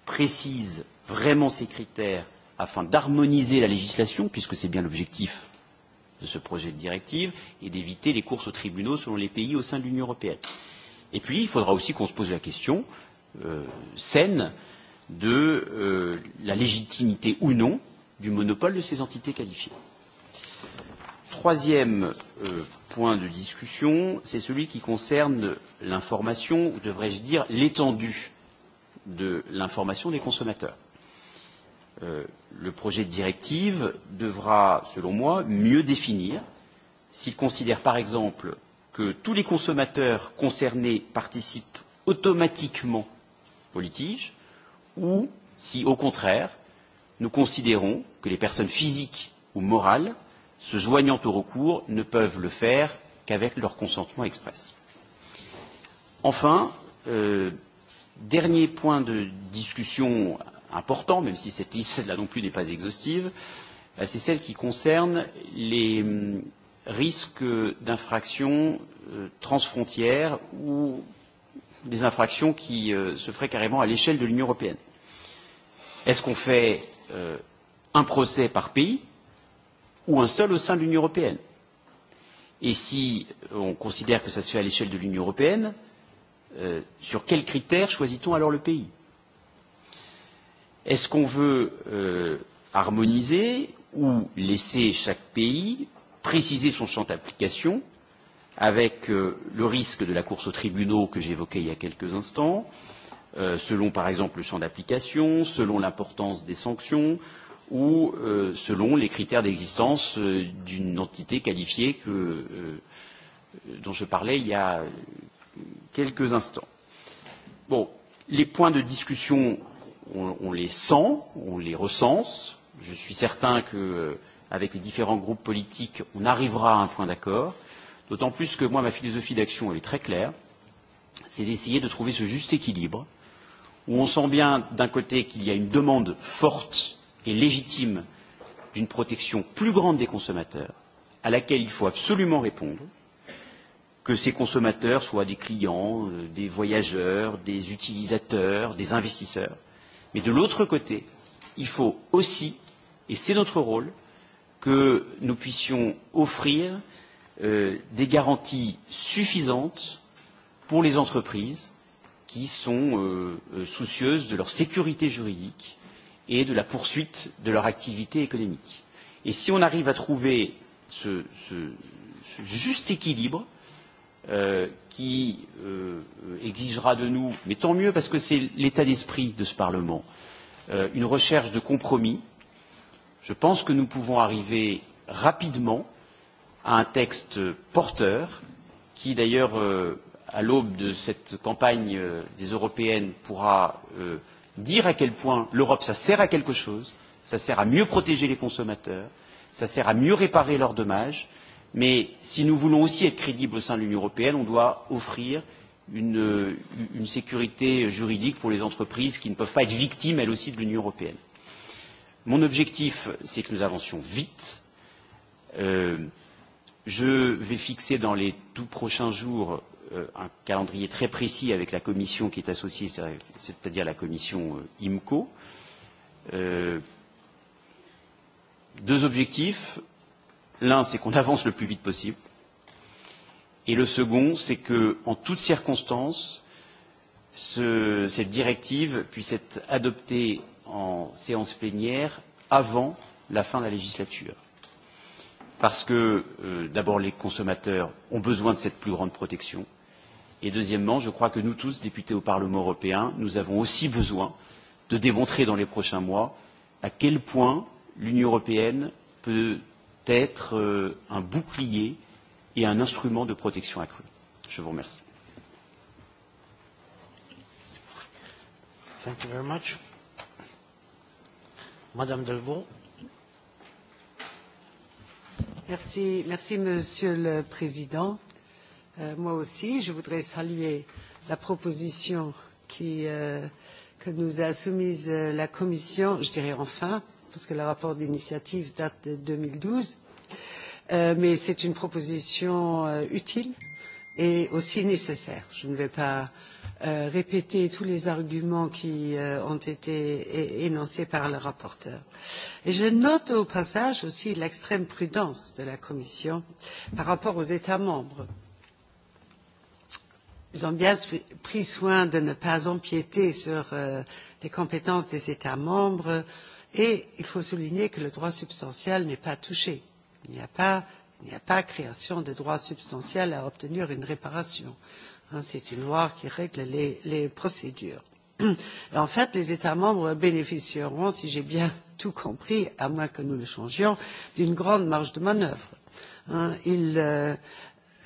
précise vraiment ces critères afin d'harmoniser la législation, puisque c'est bien l'objectif de ce projet de directive, et d'éviter les courses aux tribunaux selon les pays au sein de l'Union européenne. Et puis, il faudra aussi qu'on se pose la question euh, saine de euh, la légitimité ou non du monopole de ces entités qualifiées troisième euh, point de discussion, c'est celui qui concerne l'information, ou devrais-je dire l'étendue de l'information des consommateurs. Euh, le projet de directive devra, selon moi, mieux définir s'il considère, par exemple, que tous les consommateurs concernés participent automatiquement au litige, ou si, au contraire, nous considérons que les personnes physiques ou morales se joignant au recours ne peuvent le faire qu'avec leur consentement express. Enfin, euh, dernier point de discussion important, même si cette liste-là non plus n'est pas exhaustive, bah, euh, c'est celle qui concerne les euh, risques d'infraction euh, transfrontière ou des infractions qui euh, se feraient carrément à l'échelle de l'Union européenne. Est-ce qu'on fait euh, un procès par pays ou un seul au sein de l'Union européenne. Et si on considère que ça se fait à l'échelle de l'Union européenne, euh, sur quels critères choisit-on alors le pays Est-ce qu'on veut euh, harmoniser ou laisser chaque pays préciser son champ d'application avec euh, le risque de la course aux tribunaux que j'évoquais il y a quelques instants, euh, selon par exemple le champ d'application, selon l'importance des sanctions, ou euh, selon les critères d'existence euh, d'une entité qualifiée que, euh, euh dont je parlais il y a euh, quelques instants. Bon, les points de discussion, on, on les sent, on les recense. Je suis certain qu'avec euh, les différents groupes politiques, on arrivera à un point d'accord. D'autant plus que moi, ma philosophie d'action, elle est très claire. C'est d'essayer de trouver ce juste équilibre où on sent bien d'un côté qu'il y a une demande forte et légitime d'une protection plus grande des consommateurs, à laquelle il faut absolument répondre, que ces consommateurs soient des clients, euh, des voyageurs, des utilisateurs, des investisseurs. Mais de l'autre côté, il faut aussi, et c'est notre rôle, que nous puissions offrir euh, des garanties suffisantes pour les entreprises qui sont euh, euh soucieuses de leur sécurité juridique et de la poursuite de leur activité économique. Et si on arrive à trouver ce, ce, ce juste équilibre euh, qui euh, exigera de nous, mais tant mieux parce que c'est l'état d'esprit de ce Parlement, euh, une recherche de compromis, je pense que nous pouvons arriver rapidement à un texte porteur qui, d'ailleurs, euh, à l'aube de cette campagne euh, des européennes, pourra euh, dire à quel point l'Europe, ça sert à quelque chose, ça sert à mieux protéger les consommateurs, ça sert à mieux réparer leurs dommages, mais si nous voulons aussi être crédibles au sein de l'Union européenne, on doit offrir une, une sécurité juridique pour les entreprises qui ne peuvent pas être victimes, elles aussi, de l'Union européenne. Mon objectif, c'est que nous avancions vite. Euh, je vais fixer dans les tout prochains jours euh, un calendrier très précis avec la commission qui est associée, c'est-à-dire la commission euh, IMCO. Euh, deux objectifs. L'un, c'est qu'on avance le plus vite possible. Et le second, c'est qu'en toutes circonstances, ce, cette directive puisse être adoptée en séance plénière avant la fin de la législature. Parce que, euh, d'abord, les consommateurs ont besoin de cette plus grande protection. Et deuxièmement, je crois que nous tous, députés au Parlement européen, nous avons aussi besoin de démontrer dans les prochains mois à quel point l'Union européenne peut être euh, un bouclier et un instrument de protection accrue. Je vous remercie. Thank you very much. Madame Delvaux. Merci, merci Monsieur le Président. Euh, moi aussi, je voudrais saluer la proposition qui, euh, que nous a soumise euh, la Commission, je dirais enfin, parce que le rapport d'initiative date de 2012, euh, mais c'est une proposition euh, utile et aussi nécessaire. Je ne vais pas euh, répéter tous les arguments qui euh, ont été énoncés par le rapporteur. Et je note au passage aussi l'extrême prudence de la Commission par rapport aux États membres. Ils ont bien pris soin de ne pas empiéter sur euh, les compétences des États membres et il faut souligner que le droit substantiel n'est pas touché. Il n'y a pas, il n'y a pas création de droit substantiel à obtenir une réparation. Hein, c'est une loi qui règle les, les procédures. Et en fait, les États membres bénéficieront, si j'ai bien tout compris, à moins que nous le changions, d'une grande marge de manœuvre. Hein, ils, euh,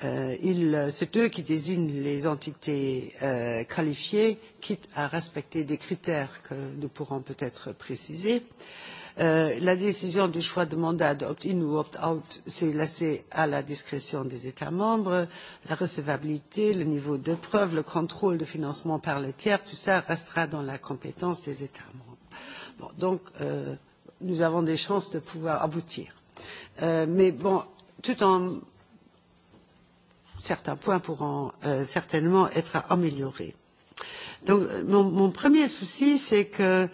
euh, ils, c'est eux qui désignent les entités euh, qualifiées, quitte à respecter des critères que nous pourrons peut-être préciser. Euh, la décision du choix de mandat d'opt-in ou opt-out s'est laissée à la discrétion des États membres. La recevabilité, le niveau de preuve, le contrôle de financement par le tiers, tout ça restera dans la compétence des États membres. Bon, donc, euh, nous avons des chances de pouvoir aboutir. Euh, mais bon, tout en certains points pourront euh, certainement être améliorés. Donc mon, mon premier souci, c'est que,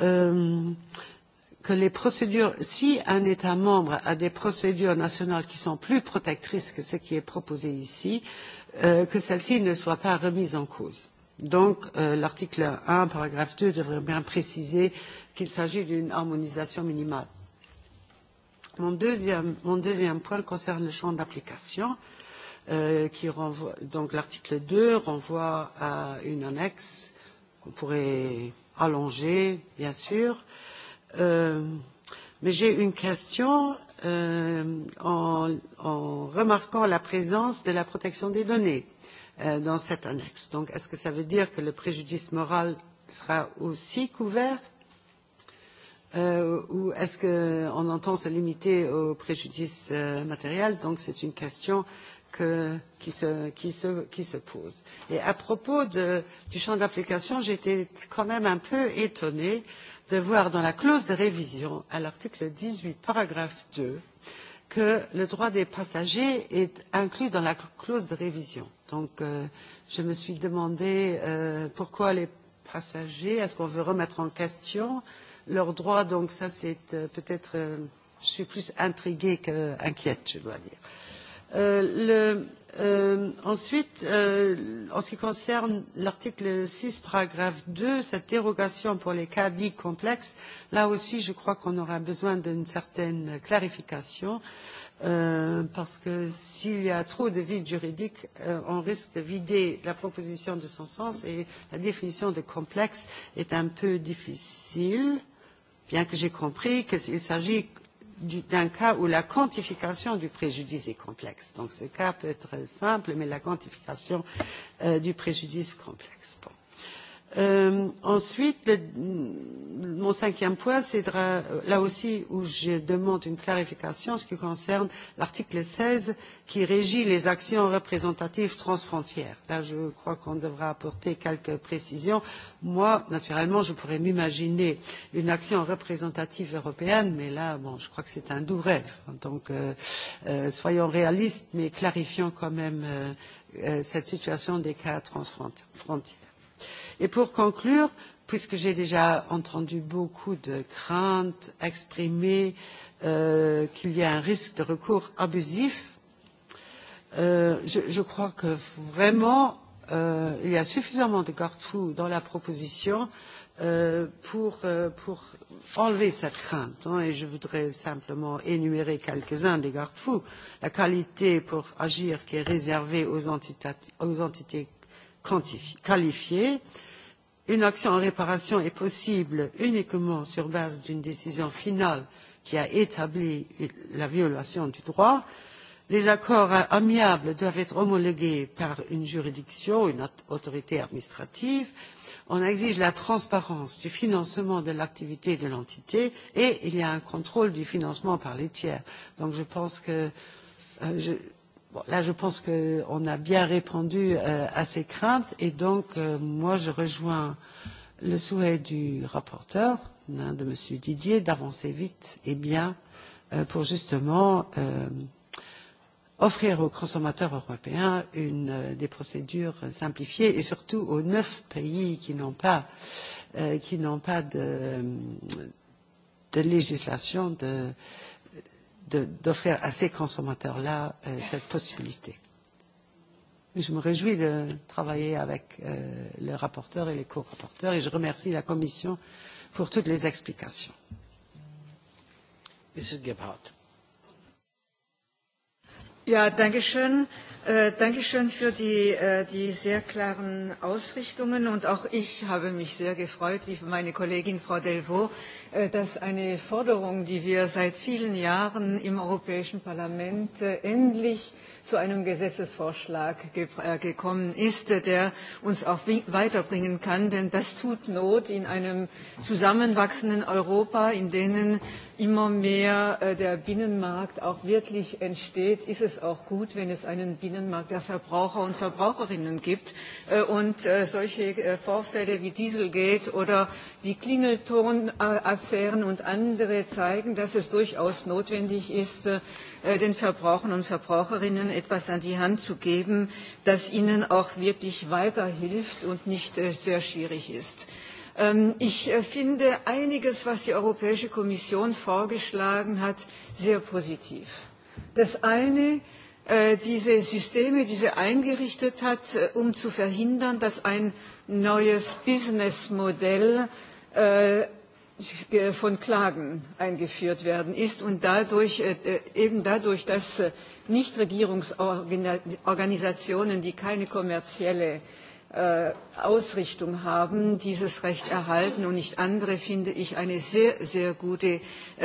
euh, que les procédures, si un État membre a des procédures nationales qui sont plus protectrices que ce qui est proposé ici, euh, que celles-ci ne soient pas remises en cause. Donc euh, l'article 1, paragraphe 2 devrait bien préciser qu'il s'agit d'une harmonisation minimale. Mon deuxième, mon deuxième point concerne le champ d'application. Euh, euh, qui renvoie donc l'article 2 renvoie à une annexe qu'on pourrait allonger, bien sûr. Euh, mais j'ai une question euh, en, en remarquant la présence de la protection des données euh, dans cette annexe. Donc, est-ce que ça veut dire que le préjudice moral sera aussi couvert euh, ou est-ce qu'on entend se limiter au préjudice euh, matériel Donc, c'est une question euh, que, qui, se, qui, se, qui se posent. Et à propos de, du champ d'application, j'étais quand même un peu étonnée de voir dans la clause de révision, à l'article 18, paragraphe 2, que le droit des passagers est inclus dans la clause de révision. Donc, euh, je me suis demandé euh, pourquoi les passagers, est-ce qu'on veut remettre en question leurs droits Donc, ça, c'est euh, peut-être, euh, je suis plus intriguée qu'inquiète, je dois dire. Euh, Euh, le, euh, ensuite, euh, en ce qui concerne l'article 6, paragraphe 2, cette dérogation pour les cas dits complexes, là aussi, je crois qu'on aura besoin d'une certaine clarification. Euh, parce que s'il y a trop de vide juridique, euh, on risque de vider la proposition de son sens et la définition de complexe est un peu difficile, bien que j'ai compris qu'il s'agit d'un cas où la quantification du préjudice est complexe. Donc ce cas peut être simple, mais la quantification euh, du préjudice complexe. Bon. Euh, ensuite, le, mon cinquième point, c'est là aussi où je demande une clarification en ce qui concerne l'article 16 qui régit les actions représentatives transfrontières. Là, je crois qu'on devra apporter quelques précisions. Moi, naturellement, je pourrais m'imaginer une action représentative européenne, mais là, bon, je crois que c'est un doux rêve. Donc, euh, euh, soyons réalistes, mais clarifions quand même euh, euh, cette situation des cas transfrontières pour conclure puisque j'ai déjà entendu beaucoup de craintes exprimées euh, qu'il y ait un risque de recours abusif euh, je crois que vraiment euh, il y a suffisamment de garde fous dans la proposition pour enlever cette crainte et je voudrais simplement énumérer quelques uns des garde fous la qualité pour agir qui est réservée aux entités qualifiées; une action en réparation est possible uniquement sur la base d'une décision finale qui a établi la violation du droit les accords amiables doivent être homologués par une juridiction une autorité administrative on exige la transparence du financement de l'activité de l'entité et il y a un contrôle du financement par les tiers. je pense donc que euh, Bon, là, je pense qu'on a bien répondu euh, à ces craintes et donc, euh, moi, je rejoins le souhait du rapporteur, hein, de M. Didier, d'avancer vite et bien euh, pour justement euh, offrir aux consommateurs européens une, euh, des procédures simplifiées et surtout aux neuf pays qui n'ont pas, euh, qui n'ont pas de, de législation de. de d'offrir à ces consommateurs-là euh, cette possibilité. Je me réjouis de travailler avec euh, le rapporteur et les co-rapporteurs et je remercie la Commission pour toutes les explications. Mrs. Gebhardt. Ja, danke schön. Äh, danke schön für die, äh, die sehr klaren Ausrichtungen. Und auch ich habe mich sehr gefreut, wie meine Kollegin Frau Delvaux, Äh, dass eine Forderung, die wir seit vielen Jahren im Europäischen Parlament äh, endlich zu einem Gesetzesvorschlag ge äh, gekommen ist, der uns auch weiterbringen kann. Denn das tut Not in einem zusammenwachsenden Europa, in denen immer mehr äh, der Binnenmarkt auch wirklich entsteht. Ist es auch gut, wenn es einen Binnenmarkt der Verbraucher und Verbraucherinnen gibt äh, und äh, solche äh, Vorfälle wie Dieselgate oder die Klingeltonaffären äh, und andere zeigen, dass es durchaus notwendig ist, äh, Äh, den Verbrauchern und Verbraucherinnen etwas an die Hand zu geben, das ihnen auch wirklich weiterhilft und nicht äh, sehr schwierig ist. Ähm, ich äh, finde einiges, was die Europäische Kommission vorgeschlagen hat, sehr positiv. Das eine, diese Systeme, die sie eingerichtet hat, um zu verhindern, dass ein neues Businessmodell Äh, von Klagen eingeführt werden ist und dadurch, äh, äh, eben dadurch, dass Nichtregierungsorganisationen, die keine kommerzielle Ausrichtung haben, dieses Recht erhalten und nicht andere, finde ich eine sehr, sehr gute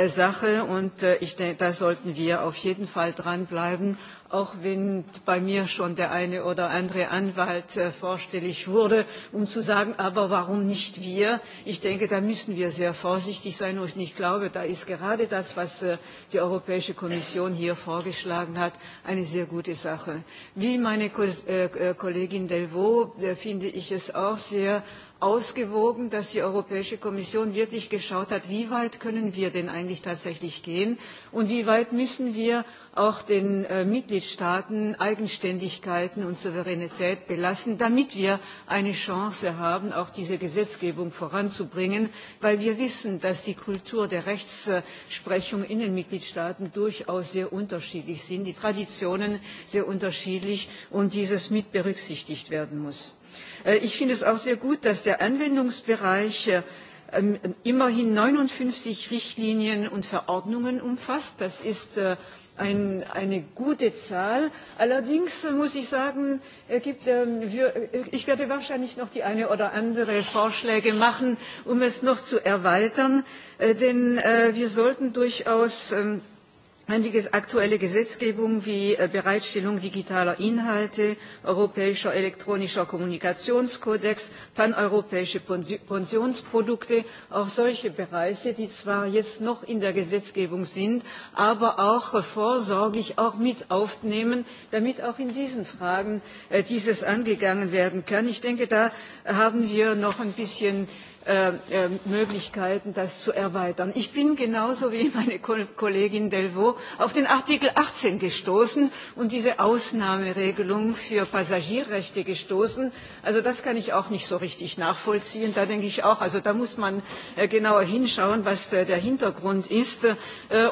Sache. Und ich denke, da sollten wir auf jeden Fall dranbleiben auch wenn bei mir schon der eine oder andere Anwalt äh, vorstellig wurde, um zu sagen, aber warum nicht wir? Ich denke, da müssen wir sehr vorsichtig sein und ich glaube, da ist gerade das, was äh, die Europäische Kommission hier vorgeschlagen hat, eine sehr gute Sache. Wie meine äh, Kollegin Delvaux finde ich es auch sehr ausgewogen, dass die Europäische Kommission wirklich geschaut hat, wie weit können wir denn eigentlich tatsächlich gehen und wie weit müssen wir auch den äh, Mitgliedstaaten Eigenständigkeiten und Souveränität belassen, damit wir eine Chance haben, auch diese Gesetzgebung voranzubringen, weil wir wissen, dass die Kultur der Rechtsprechung in den Mitgliedstaaten durchaus sehr unterschiedlich sind, die Traditionen sehr unterschiedlich und dieses mit berücksichtigt werden muss. Äh, ich finde es auch sehr gut, dass der Anwendungsbereich äh, ähm, immerhin 59 Richtlinien und Verordnungen umfasst. Das ist äh, ein, eine gute Zahl. Allerdings muss ich sagen, gibt, ähm, ich werde wahrscheinlich noch die eine oder andere Vorschläge machen, um es noch zu erweitern. Denn wir sollten durchaus ähm, einige aktuelle gesetzgebungen wie äh, bereitstellung digitaler inhalte europäischer elektronischer kommunikationskodex paneuropäische pensionsprodukte auch solche bereiche die zwar jetzt noch in der gesetzgebung sind aber auch äh, vorsorglich mit aufnehmen damit auch in diesen fragen äh, dieses angegangen werden kann. ich denke da haben wir noch ein bisschen Äh, äh, Möglichkeiten, das zu erweitern. Ich bin genauso wie meine Kollegin Delvaux auf den Artikel 18 gestoßen und diese Ausnahmeregelung für Passagierrechte gestoßen. Also das kann ich auch nicht so richtig nachvollziehen. Da denke ich auch, also da muss man äh, genauer hinschauen, was der Hintergrund ist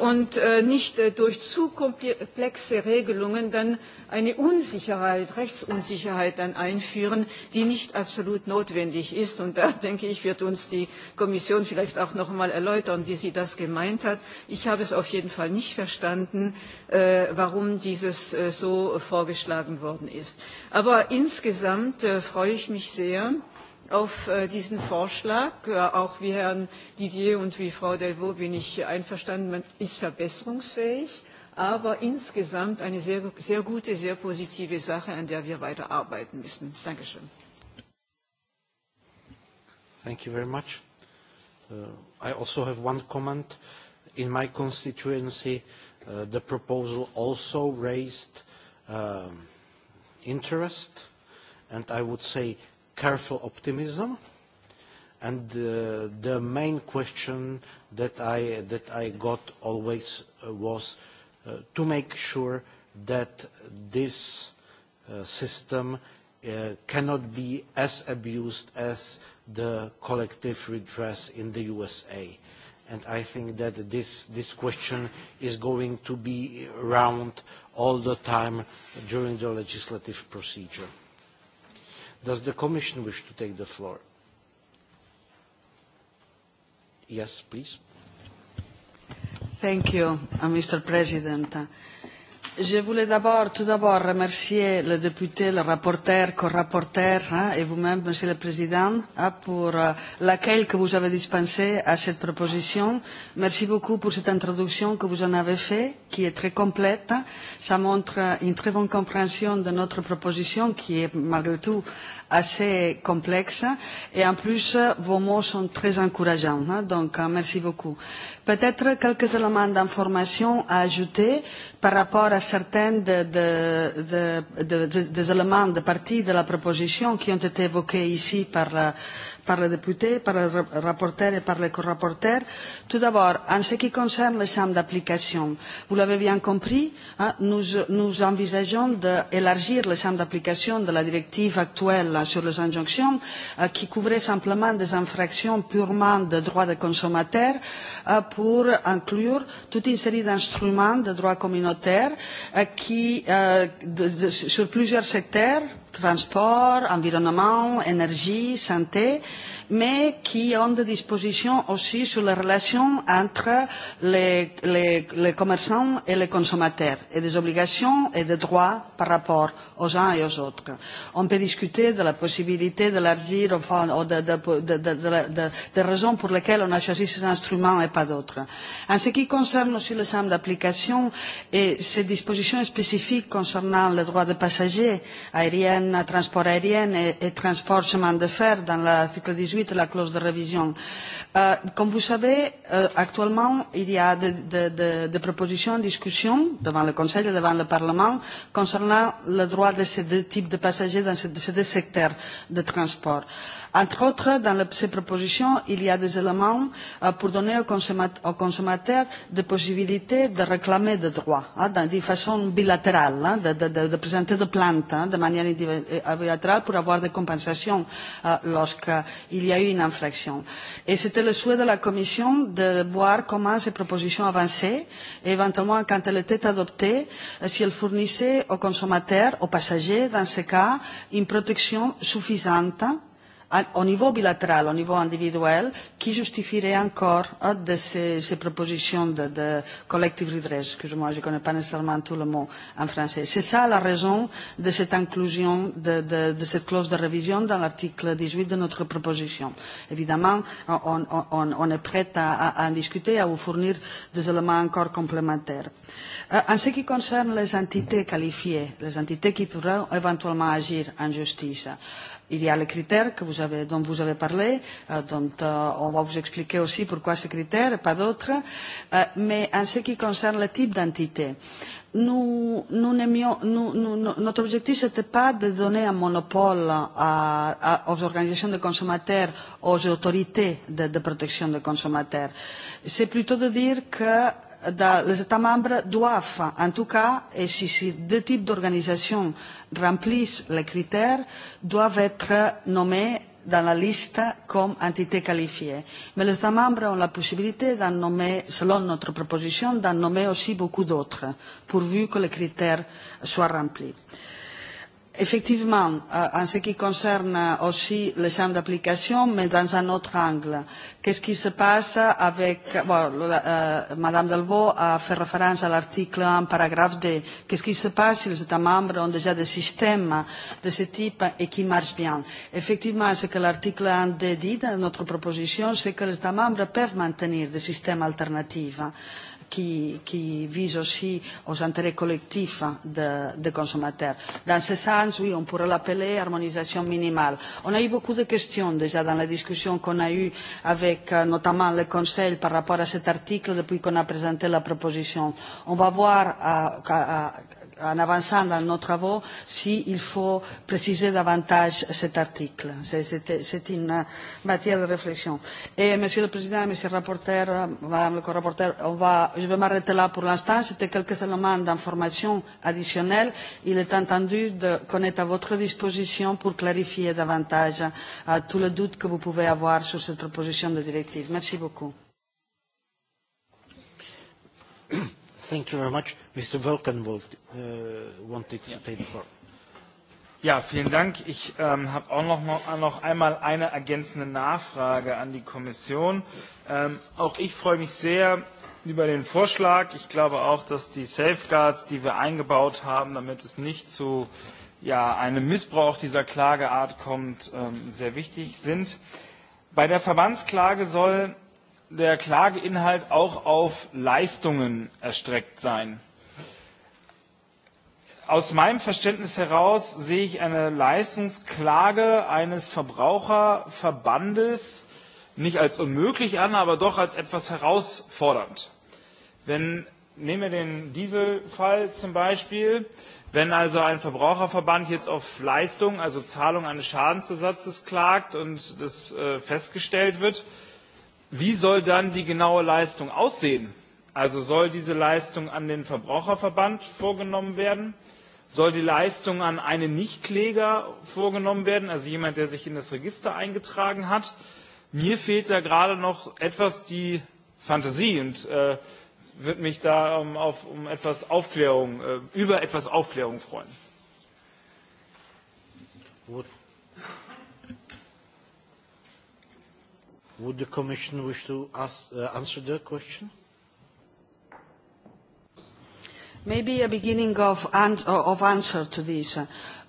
und nicht durch zu komplexe Regelungen dann eine Unsicherheit, Rechtsunsicherheit dann einführen, die nicht absolut notwendig ist. Und da denke ich, wir wird uns die Kommission vielleicht auch noch einmal erläutern, wie sie das gemeint hat. Ich habe es auf jeden Fall nicht verstanden, äh, warum dieses äh, so vorgeschlagen worden ist. Aber insgesamt äh, freue ich mich sehr auf diesen Vorschlag. Auch wie Herrn Didier und wie Frau Delvaux bin ich einverstanden, man ist verbesserungsfähig. Aber insgesamt eine sehr, sehr gute, sehr positive Sache, an der wir weiter arbeiten müssen. Dankeschön. Thank you very much. Uh, I also have one comment. In my constituency, uh, the proposal also raised um, interest and I would say careful optimism. And uh, the main question that I, that I got always uh, was uh, to make sure that this uh, system uh, cannot be as abused as uh, the collective redress in the USA. And I think that this, this question is going to be around all the time during the legislative procedure. Does the Commission wish to take the floor? Yes, please. Thank you, uh, Mr. President. Uh, Je voulais d'abord, tout d'abord, remercier le député, le rapporteur, co-rapporteur hein, et vous-même, Monsieur le Président, hein, pour euh, l'accueil que vous avez dispensé à cette proposition. Merci beaucoup pour cette introduction que vous en avez faite, qui est très complète. Ça montre une très bonne compréhension de notre proposition, qui est malgré tout assez complexe. Et en plus, vos mots sont très encourageants. Hein, donc, euh, merci beaucoup. Peut-être quelques éléments d'information à ajouter par rapport à certains de, de, de, de, de, des éléments de partie de la proposition qui ont été évoqués ici par la, euh, par les députés, par les rapporteurs et par les corapporteurs. Tout d'abord, en ce qui concerne les champs d'application, vous l'avez bien compris, hein, nous, nous envisageons d'élargir les champs d'application de la directive actuelle sur les injonctions euh, qui couvrait simplement des infractions purement de droits des consommateurs euh, pour inclure toute une série d'instruments de droits communautaires euh, qui, euh, de, de, sur plusieurs secteurs, transport, environnement, énergie, santé, mais qui ont des dispositions aussi sur les relations entre les, les, les commerçants et les consommateurs et des obligations et des droits par rapport aux uns et aux autres. On peut discuter de la possibilité d'élargir, enfin, de, de, de, de, de, de, des raisons pour lesquelles on a choisi ces instruments et pas d'autres. En ce qui concerne aussi le champ d'application et ces dispositions spécifiques concernant le droit de passagers aérien, transport aérien et, et transport chemin de fer dans l'article 18 de la clause de révision, euh, comme vous savez, euh, actuellement, il y a des de, de, de propositions en discussion devant le Conseil et devant le Parlement concernant le droit voies de ce type de passagers dans ce secteur de transport entre autres dans ces propositions il y a des éléments euh, pour donner aux consommateurs des possibilités de réclamer des droits hein, d'une façon bilatérale hein, de, de, de, de présenter des plaintes hein, de manière euh, bilatérale pour avoir des compensations euh, lorsqu'il y a eu une infraction et c'était le souhait de la commission de voir comment ces propositions avançaient et éventuellement quand elles étaient adoptées euh, si elles fournissaient aux consommateurs aux passagers dans ce cas une protection suffisante hein, au niveau bilatéral, au niveau individuel, qui justifierait encore euh, de ces, ces propositions de, de collective redress, excusez-moi, je ne connais pas nécessairement tout le mot en français. C'est ça la raison de cette inclusion, de, de, de cette clause de révision dans l'article 18 de notre proposition. Évidemment, on, on, on est prêt à, à, à en discuter, à vous fournir des éléments encore complémentaires. En ce qui concerne les entités qualifiées, les entités qui pourraient éventuellement agir en justice, il y a les critères que vous avez, dont vous avez parlé, euh, dont euh, on va vous expliquer aussi pourquoi ces critères et pas d'autres. Euh, mais en ce qui concerne le type d'entité, nous, nous aimions, nous, nous, no, notre objectif n'était pas de donner un monopole à, à, aux organisations de consommateurs, aux autorités de, de protection des consommateurs. C'est plutôt de dire que euh, les États membres doivent en tout cas, et si ces deux types d'organisations remplissent les critères, doivent être nommés dans la liste comme entité qualifiée. Mais les États membres ont la possibilité d'en nommer, selon notre proposition, d'en nommer aussi beaucoup d'autres, pourvu que les critères soient remplis. Effectivement, euh, en ce qui concerne euh, aussi les champs d'application, mais dans un autre angle, qu'est-ce qui se passe avec... Bon, la, euh, Madame Delvaux a fait référence à l'article 1, paragraphe 2. Qu'est-ce qui se passe si les États membres ont déjà des systèmes de ce type et qui marchent bien Effectivement, ce que l'article 1 dit dans notre proposition, c'est que les États membres peuvent maintenir des systèmes alternatifs qui, qui vise aussi aux intérêts collectifs de, de consommateurs. Dans ce sens, oui, on pourrait l'appeler harmonisation minimale. On a eu beaucoup de questions déjà dans la discussion qu'on a eue avec eh, notamment le Conseil par rapport à cet article depuis qu'on a présenté la proposition. On va voir à, à, à, en avançant dans nos travaux s'il si faut préciser davantage cet article. C'est une matière de réflexion. Et Monsieur le Président, Monsieur le rapporteur, Madame le co-rapporteur, va, je vais m'arrêter là pour l'instant. C'était quelques éléments d'information additionnelle. Il est entendu qu'on est à votre disposition pour clarifier davantage euh, tous les doutes que vous pouvez avoir sur cette proposition de directive. Merci beaucoup. Thank you very much. Mr. Wilken will, uh, wanted to yeah. take the floor. Ja, vielen Dank. Ich ähm, habe auch noch, noch, noch einmal eine ergänzende Nachfrage an die Kommission. Ähm, auch ich freue mich sehr über den Vorschlag. Ich glaube auch, dass die Safeguards, die wir eingebaut haben, damit es nicht zu ja, einem Missbrauch dieser Klageart kommt, ähm, sehr wichtig sind. Bei der Verbandsklage soll der Klageinhalt auch auf Leistungen erstreckt sein. Aus meinem Verständnis heraus sehe ich eine Leistungsklage eines Verbraucherverbandes nicht als unmöglich an, aber doch als etwas herausfordernd. Wenn, nehmen wir den Dieselfall zum Beispiel, wenn also ein Verbraucherverband jetzt auf Leistung, also Zahlung eines Schadensersatzes klagt und das äh, festgestellt wird, äh, Wie soll dann die genaue Leistung aussehen? Also soll diese Leistung an den Verbraucherverband vorgenommen werden? Soll die Leistung an einen Nichtkläger vorgenommen werden, also jemand, der sich in das Register eingetragen hat? Mir fehlt da gerade noch etwas die Fantasie und äh, würde mich da um, auf, um etwas Aufklärung, äh, über etwas Aufklärung freuen. Gut. Would the Commission wish to ask, uh, answer the question? Maybe a beginning of, an of answer to this.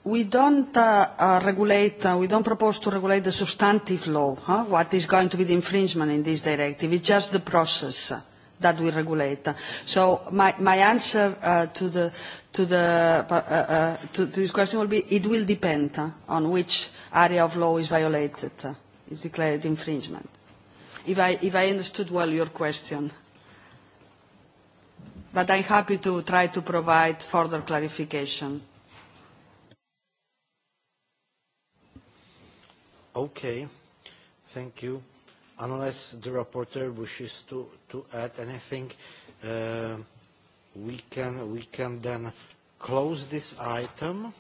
We don't uh, uh, regulate, uh, we don't propose to regulate the substantive law, huh? what is going to be the infringement in this directive. It's just the process that we regulate. So my, my answer uh, to, the, to, the, uh, uh, to, to this question will be it will depend uh, on which area of law is violated. Uh, is declared infringement. E if e I, if I understood well your question. But I'm happy to try to provide further clarification. Okay, thank you. Unless the reporter wishes to, to add anything, uh, we, can, we can then close this item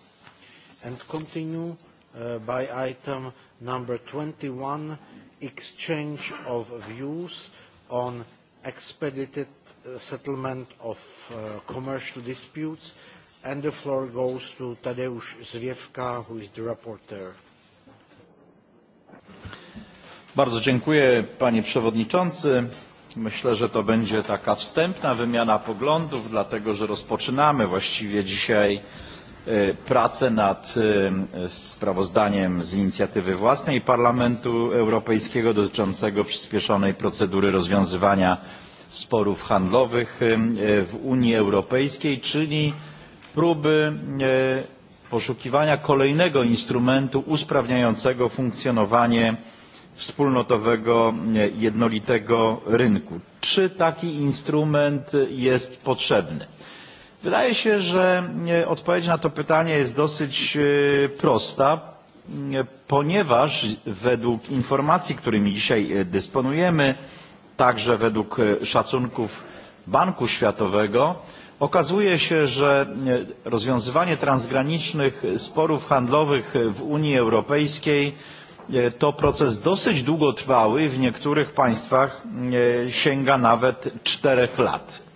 and continue uh, by item number 21, exchange of views on expedited uh, settlement of uh, commercial disputes. And the floor goes to Tadeusz Zwiewka, who is the rapporteur. Bardzo dziękuję, panie przewodniczący. Myślę, że to będzie taka wstępna wymiana poglądów, dlatego że rozpoczynamy właściwie dzisiaj E, pracę nad e, sprawozdaniem z inicjatywy własnej Parlamentu Europejskiego dotyczącego przyspieszonej procedury rozwiązywania sporów handlowych e, w Unii Europejskiej, czyli próby poszukiwania kolejnego instrumentu usprawniającego funkcjonowanie wspólnotowego jednolitego rynku. Czy taki instrument jest potrzebny? Wydaje się, że e, odpowiedź na to pytanie jest dosyć e, prosta, ponieważ według informacji, którymi dzisiaj e, dysponujemy, także według szacunków Banku Światowego, okazuje się, że rozwiązywanie transgranicznych sporów handlowych w Unii Europejskiej to proces dosyć długotrwały i w niektórych państwach sięga nawet czterech lat.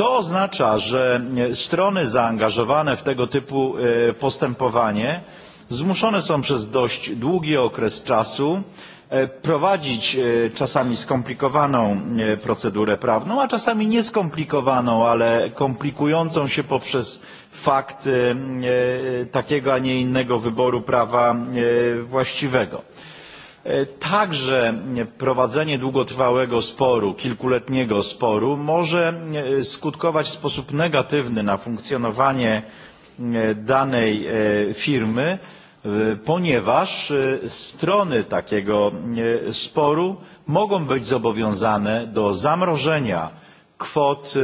To oznacza, że e, strony zaangażowane w tego typu e, postępowanie zmuszone są przez dość długi okres czasu e, prowadzić czasami skomplikowaną procedurę prawną, a czasami nieskomplikowaną, ale komplikującą się poprzez fakt takiego, a nie innego wyboru prawa właściwego. E, także prowadzenie długotrwałego sporu, kilkuletniego sporu może e, skutkować w sposób negatywny na funkcjonowanie e, danej firmy, ponieważ strony takiego sporu mogą być zobowiązane do zamrożenia kwot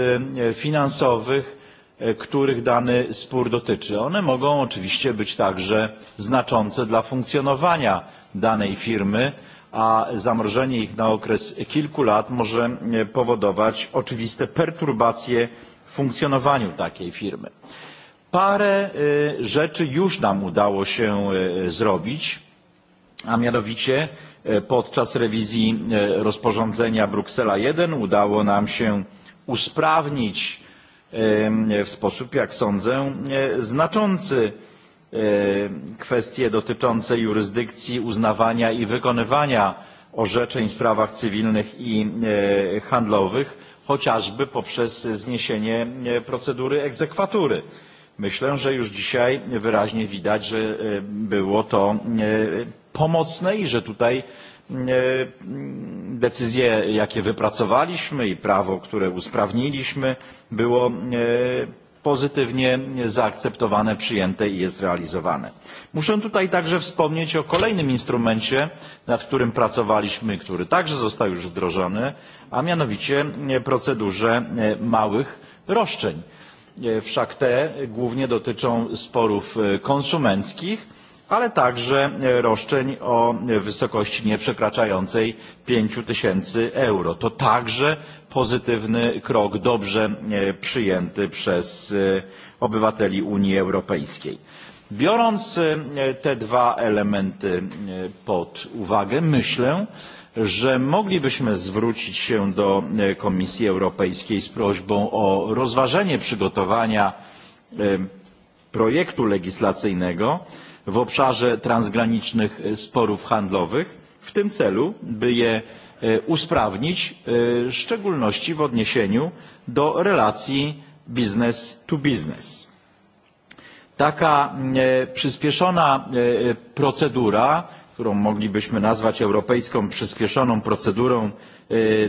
finansowych E, których dany spór dotyczy. One mogą oczywiście być także znaczące dla funkcjonowania danej firmy, a zamrożenie ich na okres kilku lat może e, powodować oczywiste perturbacje w funkcjonowaniu takiej firmy. Parę e, rzeczy już nam udało się zrobić, a mianowicie podczas rewizji rozporządzenia Bruksela 1 udało nam się usprawnić E, w sposób, jak sądzę, e, znaczący e, kwestie dotyczące jurysdykcji uznawania i wykonywania orzeczeń w sprawach cywilnych i handlowych, chociażby poprzez zniesienie procedury egzekwatury. Myślę, że już dzisiaj wyraźnie widać, że było to pomocne i że tutaj E, decyzje, jakie wypracowaliśmy i prawo, które usprawniliśmy, było e, pozytywnie zaakceptowane, przyjęte i jest realizowane. Muszę tutaj także wspomnieć o kolejnym instrumencie, nad którym pracowaliśmy, który także został już wdrożony, a mianowicie e, procedurze małych roszczeń. Wszak te głównie dotyczą sporów konsumenckich, ale także roszczeń o wysokości nieprzekraczającej pięć tysięcy euro. To także pozytywny krok, dobrze e, przyjęty przez e, obywateli Unii Europejskiej. Biorąc e, te dwa elementy pod uwagę, myślę, że moglibyśmy zwrócić się do Komisji Europejskiej z prośbą o rozważenie przygotowania projektu legislacyjnego, w obszarze transgranicznych e, sporów handlowych w tym celu by je e, usprawnić e, w szczególności w odniesieniu do relacji business to business. taka przyspieszona procedura którą moglibyśmy nazwać europejską przyspieszoną procedurą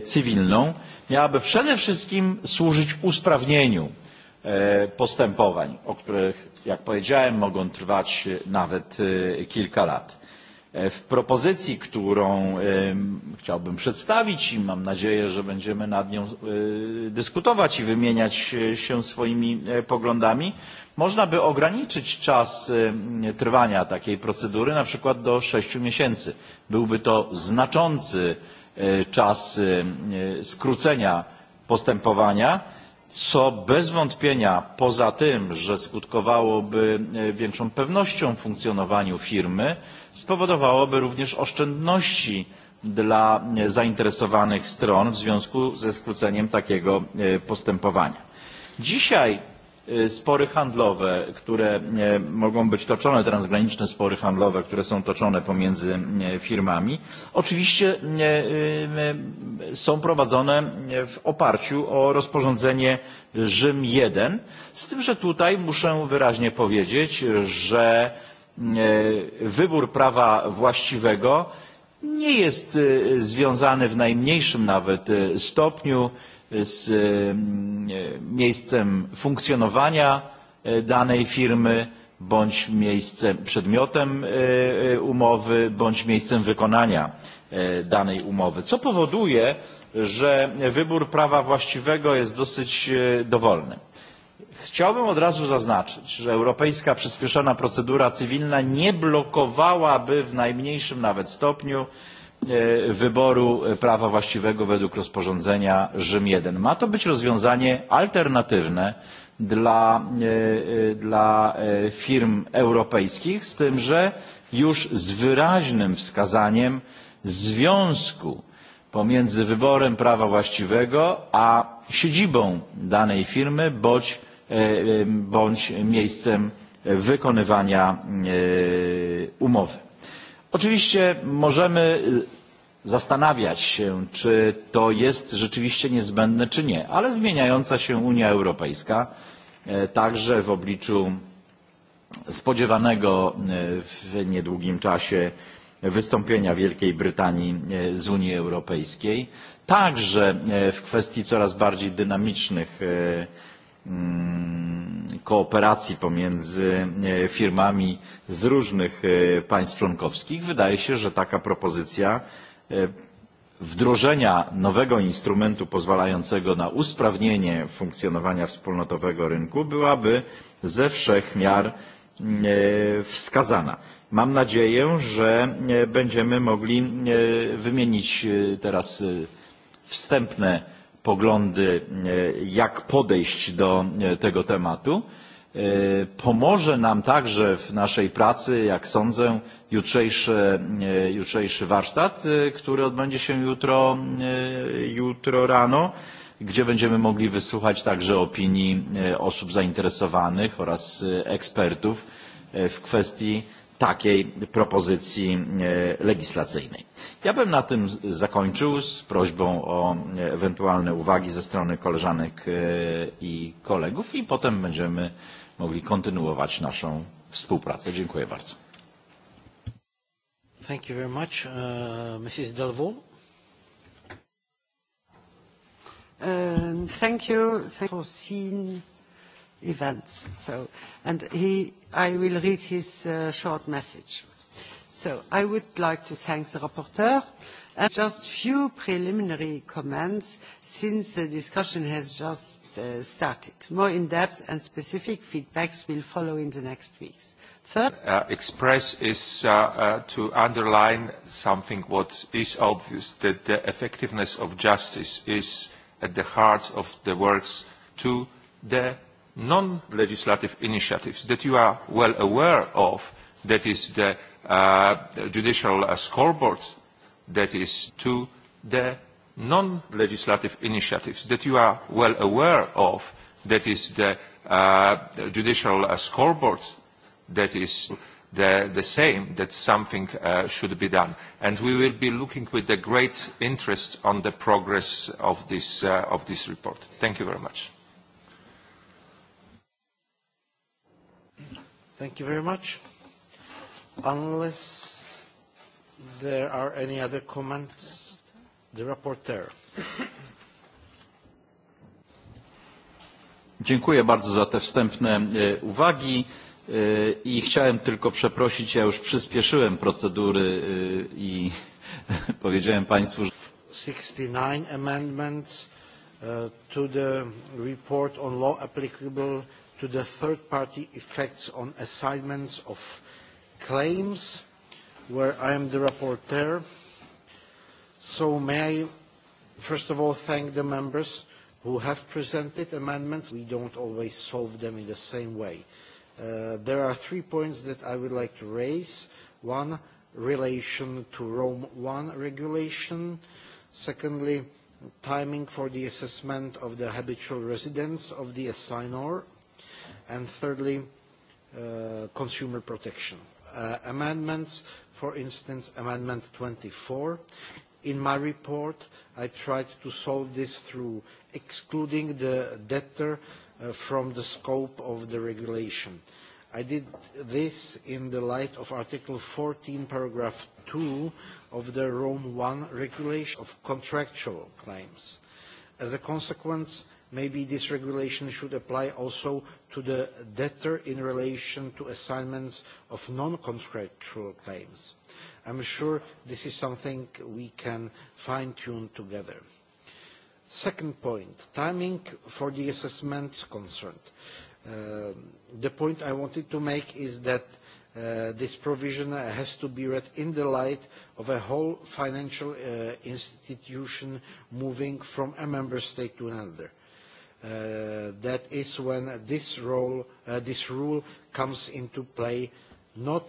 cywilną miałaby przede wszystkim służyć usprawnieniu postępowań o których jak powiedziałem, mogą trwać e, nawet e, kilka lat. E, w propozycji, którą chciałbym przedstawić i mam nadzieję, że będziemy nad nią dyskutować i wymieniać się swoimi poglądami, można by ograniczyć czas trwania takiej procedury na przykład do sześciu miesięcy. Byłby to znaczący czas skrócenia postępowania co bez wątpienia poza tym, że skutkowałoby e, większą pewnością w funkcjonowaniu firmy, spowodowałoby również oszczędności dla e, zainteresowanych stron w związku ze skróceniem takiego e, postępowania. Dzisiaj spory handlowe, które e, mogą być toczone, transgraniczne spory handlowe, które są toczone pomiędzy e, firmami, oczywiście e, są prowadzone w oparciu o rozporządzenie Rzym I, z tym, że tutaj muszę wyraźnie powiedzieć, że wybór prawa właściwego nie jest związany w najmniejszym nawet stopniu z e, miejscem funkcjonowania e, danej firmy bądź miejscem przedmiotem e, umowy bądź miejscem wykonania danej umowy co powoduje że wybór prawa właściwego jest dosyć dowolny. Chciałbym od razu zaznaczyć, że europejska przyspieszona procedura cywilna nie blokowałaby w najmniejszym nawet stopniu E, wyboru e, prawa właściwego według rozporządzenia Rzym I. Ma to być rozwiązanie alternatywne dla, e, dla firm europejskich, z tym, że już z wyraźnym wskazaniem związku pomiędzy wyborem prawa właściwego a siedzibą danej firmy bądź, bądź miejscem wykonywania umowy. Oczywiście możemy zastanawiać się, czy to jest rzeczywiście niezbędne, czy nie, ale zmieniająca się Unia Europejska e, także w obliczu spodziewanego e, w niedługim czasie wystąpienia Wielkiej Brytanii e, z Unii Europejskiej, także w kwestii coraz bardziej dynamicznych Mm, kooperacji pomiędzy e, firmami z różnych e, państw członkowskich. Wydaje się, że taka propozycja e, wdrożenia nowego instrumentu pozwalającego na usprawnienie funkcjonowania wspólnotowego rynku byłaby ze wszech miar wskazana. Mam nadzieję, że będziemy mogli wymienić teraz wstępne poglądy, e, jak podejść do e, tego tematu. E, pomoże nam także w naszej pracy, jak sądzę, jutrzejszy, jutrzejszy warsztat, który odbędzie się jutro, jutro rano, gdzie będziemy mogli wysłuchać także opinii osób zainteresowanych oraz ekspertów w kwestii takiej propozycji e, legislacyjnej. Ja bym na tym zakończył z prośbą o e, ewentualne uwagi ze strony koleżanek e, i kolegów i potem będziemy mogli kontynuować naszą współpracę. Dziękuję bardzo. Thank you very much. Uh, Mrs. Delvaux. Um, thank you. Thank you for seeing events. So, and he, I will read his uh, short message. So I would like to thank the rapporteur. And just few preliminary comments since the discussion has just uh, started. More in-depth and specific feedbacks will follow in the next weeks. First, uh, express is uh, uh, to underline something what is obvious, that the effectiveness of justice is at the heart of the works to the non-legislative initiatives that you are well aware of, that is the uh, judicial uh, scoreboard, that is to the non-legislative initiatives that you are well aware of, that is the uh, judicial uh, scoreboard, that is the, the same, that something uh, should be done. And we will be looking with the great interest on the progress of this, uh, of this report. Thank you very much. Thank you very much. Unless there are any other comments, the rapporteur. Dziękuję bardzo za te wstępne e, uwagi e, i chciałem tylko przeprosić, ja już przyspieszyłem procedury e, i powiedziałem państwu, że... 69 amendments to the report on law applicable to the third party effects on assignments of claims, where I am the rapporteur. So may I first of all thank the members who have presented amendments. We don't always solve them in the same way. Uh, there are three points that I would like to raise. One, relation to Rome 1 regulation. Secondly, timing for the assessment of the habitual residence of the assignor Thirdly, uh, consumer protection. Uh, amendments, for instance, Amendment 24. In my report, I tried to solve this through excluding the debtor uh, from the scope of the regulation. I did this in the light of Article 14, Paragraph 2 of the Rome 1 regulation of contractual claims. As a consequence, maybe this regulation should apply also to the debtor in relation to assignments of non-contractual claims. I'm sure this is something we can fine-tune together. Second point, timing for the assessments concerned. Uh, the point I wanted to make is that uh, this provision has to be read in the light of a whole financial uh, institution moving from a member state to another. Uh, uh, that is when this, role, uh, this rule comes into play, not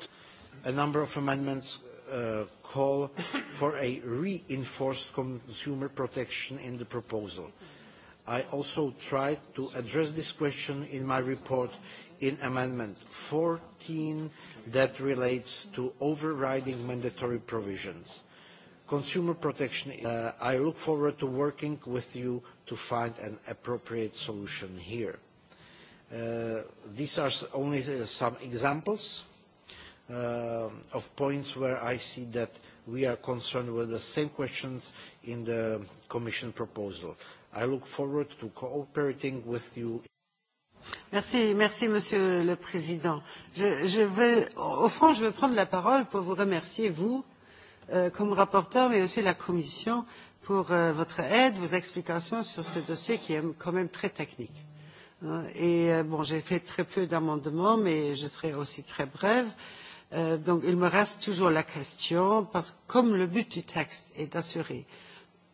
a number of amendments uh, call for a reinforced consumer protection in the proposal. I also tried to address this question in my report in Amendment 14 that relates to overriding mandatory provisions consumer protection. Uh, I look forward to working with you to find an appropriate solution here. Uh, these are only uh, some examples uh, of points where I see that we are concerned with the same questions in the Commission proposal. I look forward to cooperating with you. Merci, merci Monsieur le Président. Je, je veux, au fond, je veux prendre la parole pour vous remercier, vous, Euh, comme rapporteur, mais aussi la Commission, pour euh, votre aide, vos explications sur ce dossier qui est quand même très technique. Euh, et euh, bon, j'ai fait très peu d'amendements, mais je serai aussi très brève. Euh, donc il me reste toujours la question, parce que comme le but du texte est d'assurer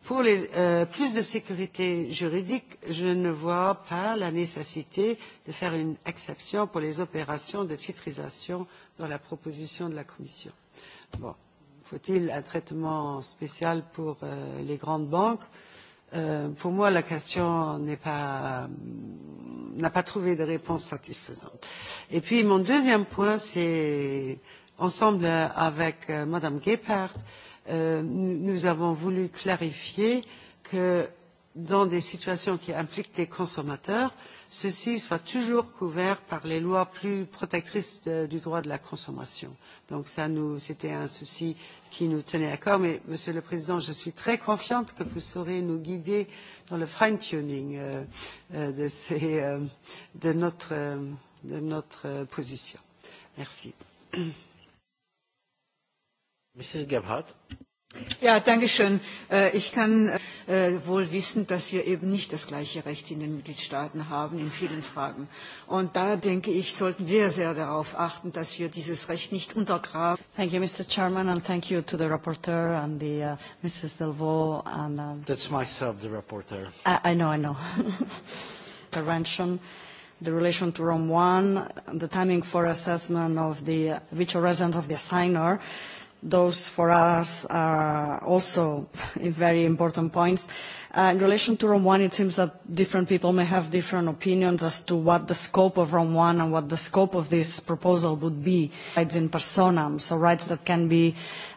pour les, euh, plus de sécurité juridique, je ne vois pas la nécessité de faire une exception pour les opérations de titrisation dans la proposition de la Commission. Bon faut-il un traitement spécial pour euh, les grandes banques euh, Pour moi, la question euh, n'a pas, pas trouvé de réponse satisfaisante. Et puis, mon deuxième point, c'est ensemble avec euh, Mme Gephardt, euh, nous avons voulu clarifier que dans des situations qui impliquent des consommateurs, euh, ceci soit toujours couvert par les lois plus protectrices de, du droit de la consommation. Donc ça nous, c'était un souci qui nous tenait à cœur. Mais Monsieur le Président, je suis très confiante que vous saurez nous guider dans le fine tuning euh, euh, de, ces, euh, de notre, euh, de notre euh, position. Merci. Mrs. Gebhardt. Ja, danke schön. Äh, ich kann äh, wohl wissen, dass wir eben nicht das gleiche Recht in den Mitgliedstaaten haben in vielen Fragen. Und da denke ich, sollten wir sehr darauf achten, dass wir dieses Recht nicht untergraben. Thank you, Mr. Chairman, and thank you to the rapporteur and the uh, Mrs. Delvaux. And, um, That's myself, the rapporteur. I, I know, I know. Intervention. The relation to Rome 1, the timing for assessment of the uh, which residence of the assigner. Uh, those for us are also very important points. Uh, in relation to Rome I, it seems that different people may have different opinions as to what the scope of Rome I and what the scope of this proposal would be. Rights in personam, so rights that can be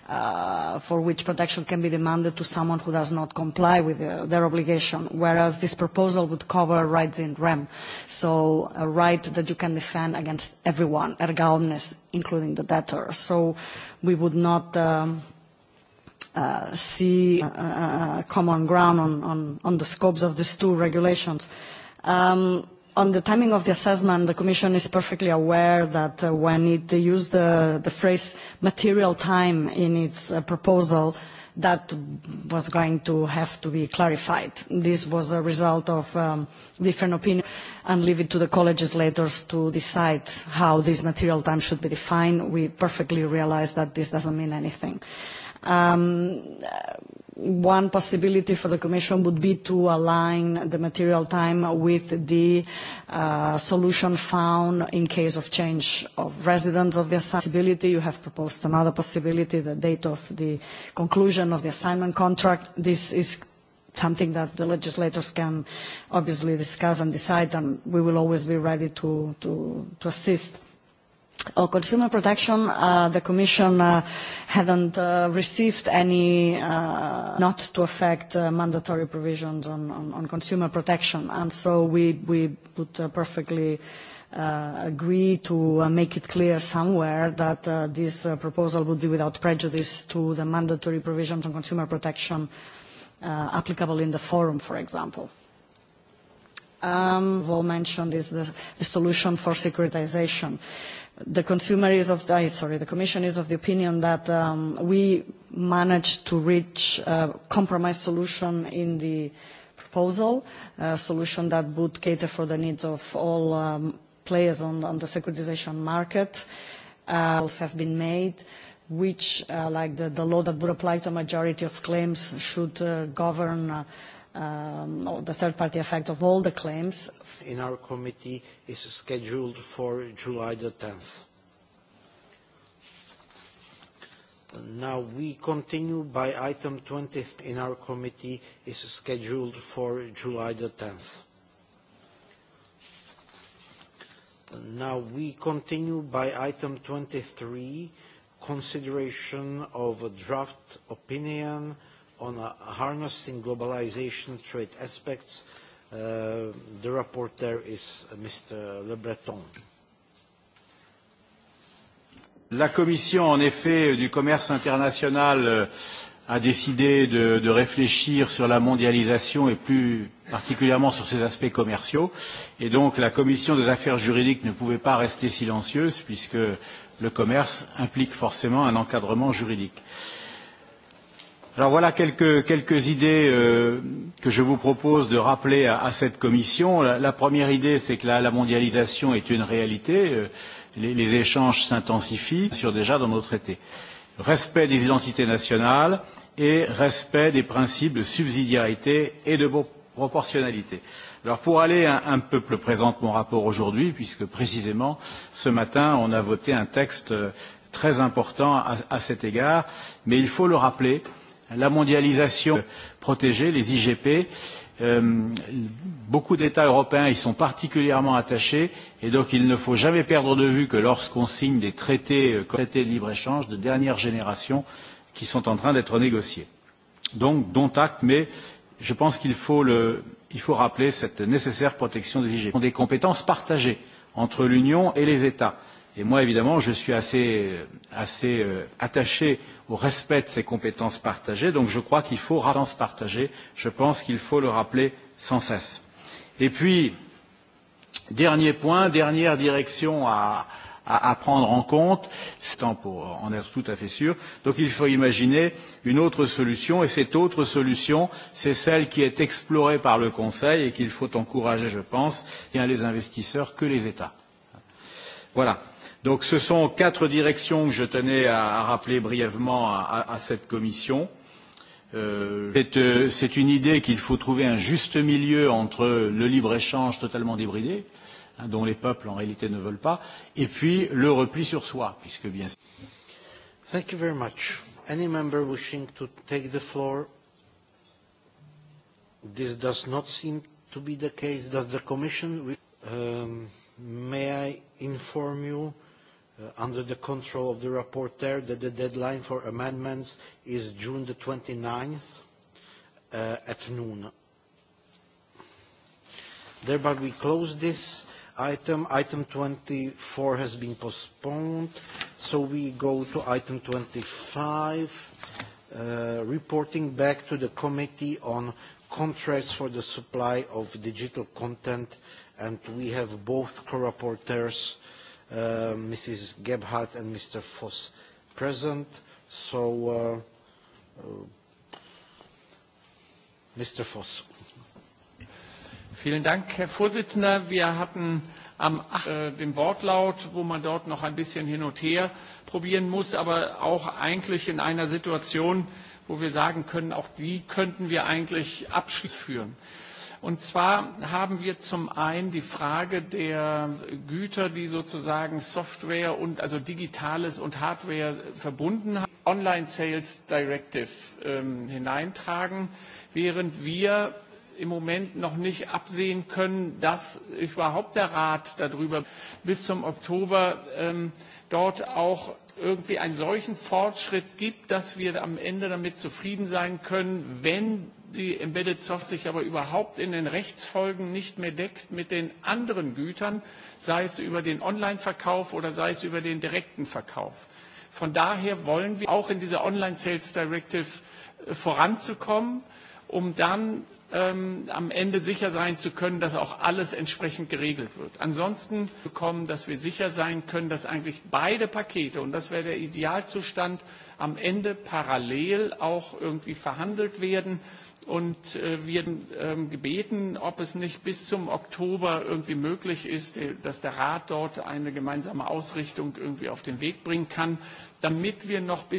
uh, for which protection can be demanded to someone who does not comply with uh, their obligation, whereas this proposal would cover rights in rem, so a right that you can defend against everyone, erga omnes, including the debtor. So we would not um, uh, see uh, uh, uh, common ground on, on, on the scopes of these two regulations. Um, on the timing of the assessment, the Commission is perfectly aware that uh, when it used the, the phrase material time in its uh, proposal, uh, that was going to have to be clarified. This was a result of um, different opinion and leave it to the college legislators to decide how this material time should be defined. We perfectly realize that this doesn't mean anything. Um, uh, one possibility for the Commission would be to align the material time with the uh, solution found in case of change of residence of the assignability. You have proposed another possibility, the date of the conclusion of the assignment contract. This is something that the legislators can obviously discuss and decide, and we will always be ready to, to, to assist on consumer protection, uh, the Commission uh, hadn't uh, received any uh, not to affect uh, mandatory provisions on, on, on consumer protection, and so we we put uh, perfectly. Uh, agree to uh, make it clear somewhere that uh, this uh, proposal would be without prejudice to the mandatory provisions on consumer protection uh, applicable in the forum, for example. Um, all mentioned is the, the solution for securitization. Uh, the consumer is of the, uh, sorry, the commission is of the opinion that um, we managed to reach a compromise solution in the proposal, a solution that would cater for the needs of all um, players on, on the securitization market. Uh, calls uh, have been made, which, uh, like the, the law that would apply to a majority of claims, should uh, govern uh, um, or no, the third party effect of all the claims in our committee is scheduled for July the 10th. Now we continue by item 20 in our committee is scheduled for July the 10th. Now we continue by item 23, consideration of a draft opinion on uh, harnessing globalization trade aspects. Uh, the rapporteur is Mr. Le Breton. La Commission, en effet, du commerce international euh, a décidé de, de réfléchir sur la mondialisation et plus particulièrement sur ses aspects commerciaux. Et donc, la Commission des affaires juridiques ne pouvait pas rester silencieuse puisque le commerce implique forcément un encadrement juridique. Euh, Alors voilà quelques, quelques idées euh, que je vous propose de rappeler à, à cette commission. La, la première idée, c'est que la, la mondialisation est une réalité. Euh, les, les échanges s'intensifient sur déjà dans nos traités. Respect des identités nationales et respect des principes de subsidiarité et de proportionnalité. Alors pour aller un, un peu plus présente mon rapport aujourd'hui, puisque précisément ce matin on a voté un texte euh, très important à, à cet égard, mais il faut le rappeler euh, la mondialisation protégée, les IGP. Euh, beaucoup d'États européens y sont particulièrement attachés et donc il ne faut jamais perdre de vue que lorsqu'on signe des traités, euh, traités de libre-échange de dernière génération qui sont en train d'être négociés. Donc, dont acte, mais je pense qu'il faut, le, il faut rappeler cette nécessaire protection des IGP. Des compétences partagées entre l'Union et les États. Et moi, évidemment, je suis assez, euh, assez attaché au respect de ces compétences partagées. Donc je crois qu'il faut rappeler compétences partagées. Je pense qu'il faut le rappeler sans cesse. Et puis, dernier point, dernière direction à, à, à prendre en compte, c'est temps pour en être tout à fait sûr. Donc il faut imaginer une autre solution et cette autre solution, c'est celle qui est explorée par le Conseil et qu'il faut encourager, je pense, bien les investisseurs que les États. Voilà. Donc ce sont quatre directions que je tenais à, à rappeler brièvement à, à, à cette commission. Euh, C'est euh, une idée qu'il faut trouver un juste milieu entre le libre-échange totalement débridé, hein, dont les peuples en réalité ne veulent pas, et puis le repli sur soi, puisque bien sûr. Thank you very much. Any member wishing to take the floor? This does not seem to be the case. Does the Commission. Um, may I inform you? uh, under the control of the rapporteur that the deadline for amendments is June the 29th uh, at noon. Thereby we close this item. Item 24 has been postponed, so we go to item 25, uh, reporting back to the Committee on Contracts for the Supply of Digital Content, and we have both co-rapporteurs uh, Uh, Mrs. Gebhardt and Mr. Foss present. So, uh, uh, Mr. Foss. Vielen Dank, Herr Vorsitzender. Wir hatten am 8. Äh, den Wortlaut, wo man dort noch ein bisschen hin und her probieren muss, aber auch eigentlich in einer Situation, wo wir sagen können, auch wie könnten wir eigentlich Abschluss führen. Äh, Und zwar haben wir zum einen die Frage der Güter, die sozusagen Software und also Digitales und Hardware verbunden haben, Online Sales Directive ähm, hineintragen, während wir im Moment noch nicht absehen können, dass überhaupt der Rat darüber bis zum Oktober ähm, dort auch irgendwie einen solchen Fortschritt gibt, dass wir am Ende damit zufrieden sein können, wenn die Embedded Soft sich aber überhaupt in den Rechtsfolgen nicht mehr deckt mit den anderen Gütern, sei es über den Online-Verkauf oder sei es über den direkten Verkauf. Von daher wollen wir auch in dieser Online-Sales-Directive äh, voranzukommen, um dann ähm, am Ende sicher sein zu können, dass auch alles entsprechend geregelt wird. Ansonsten bekommen, dass wir sicher sein können, dass eigentlich beide Pakete, und das wäre der Idealzustand, am Ende parallel auch irgendwie verhandelt werden und äh, wir ähm, gebeten, ob es nicht bis zum Oktober irgendwie möglich ist, äh, dass der Rat dort eine gemeinsame Ausrichtung irgendwie auf den Weg bringen kann, damit wir noch bis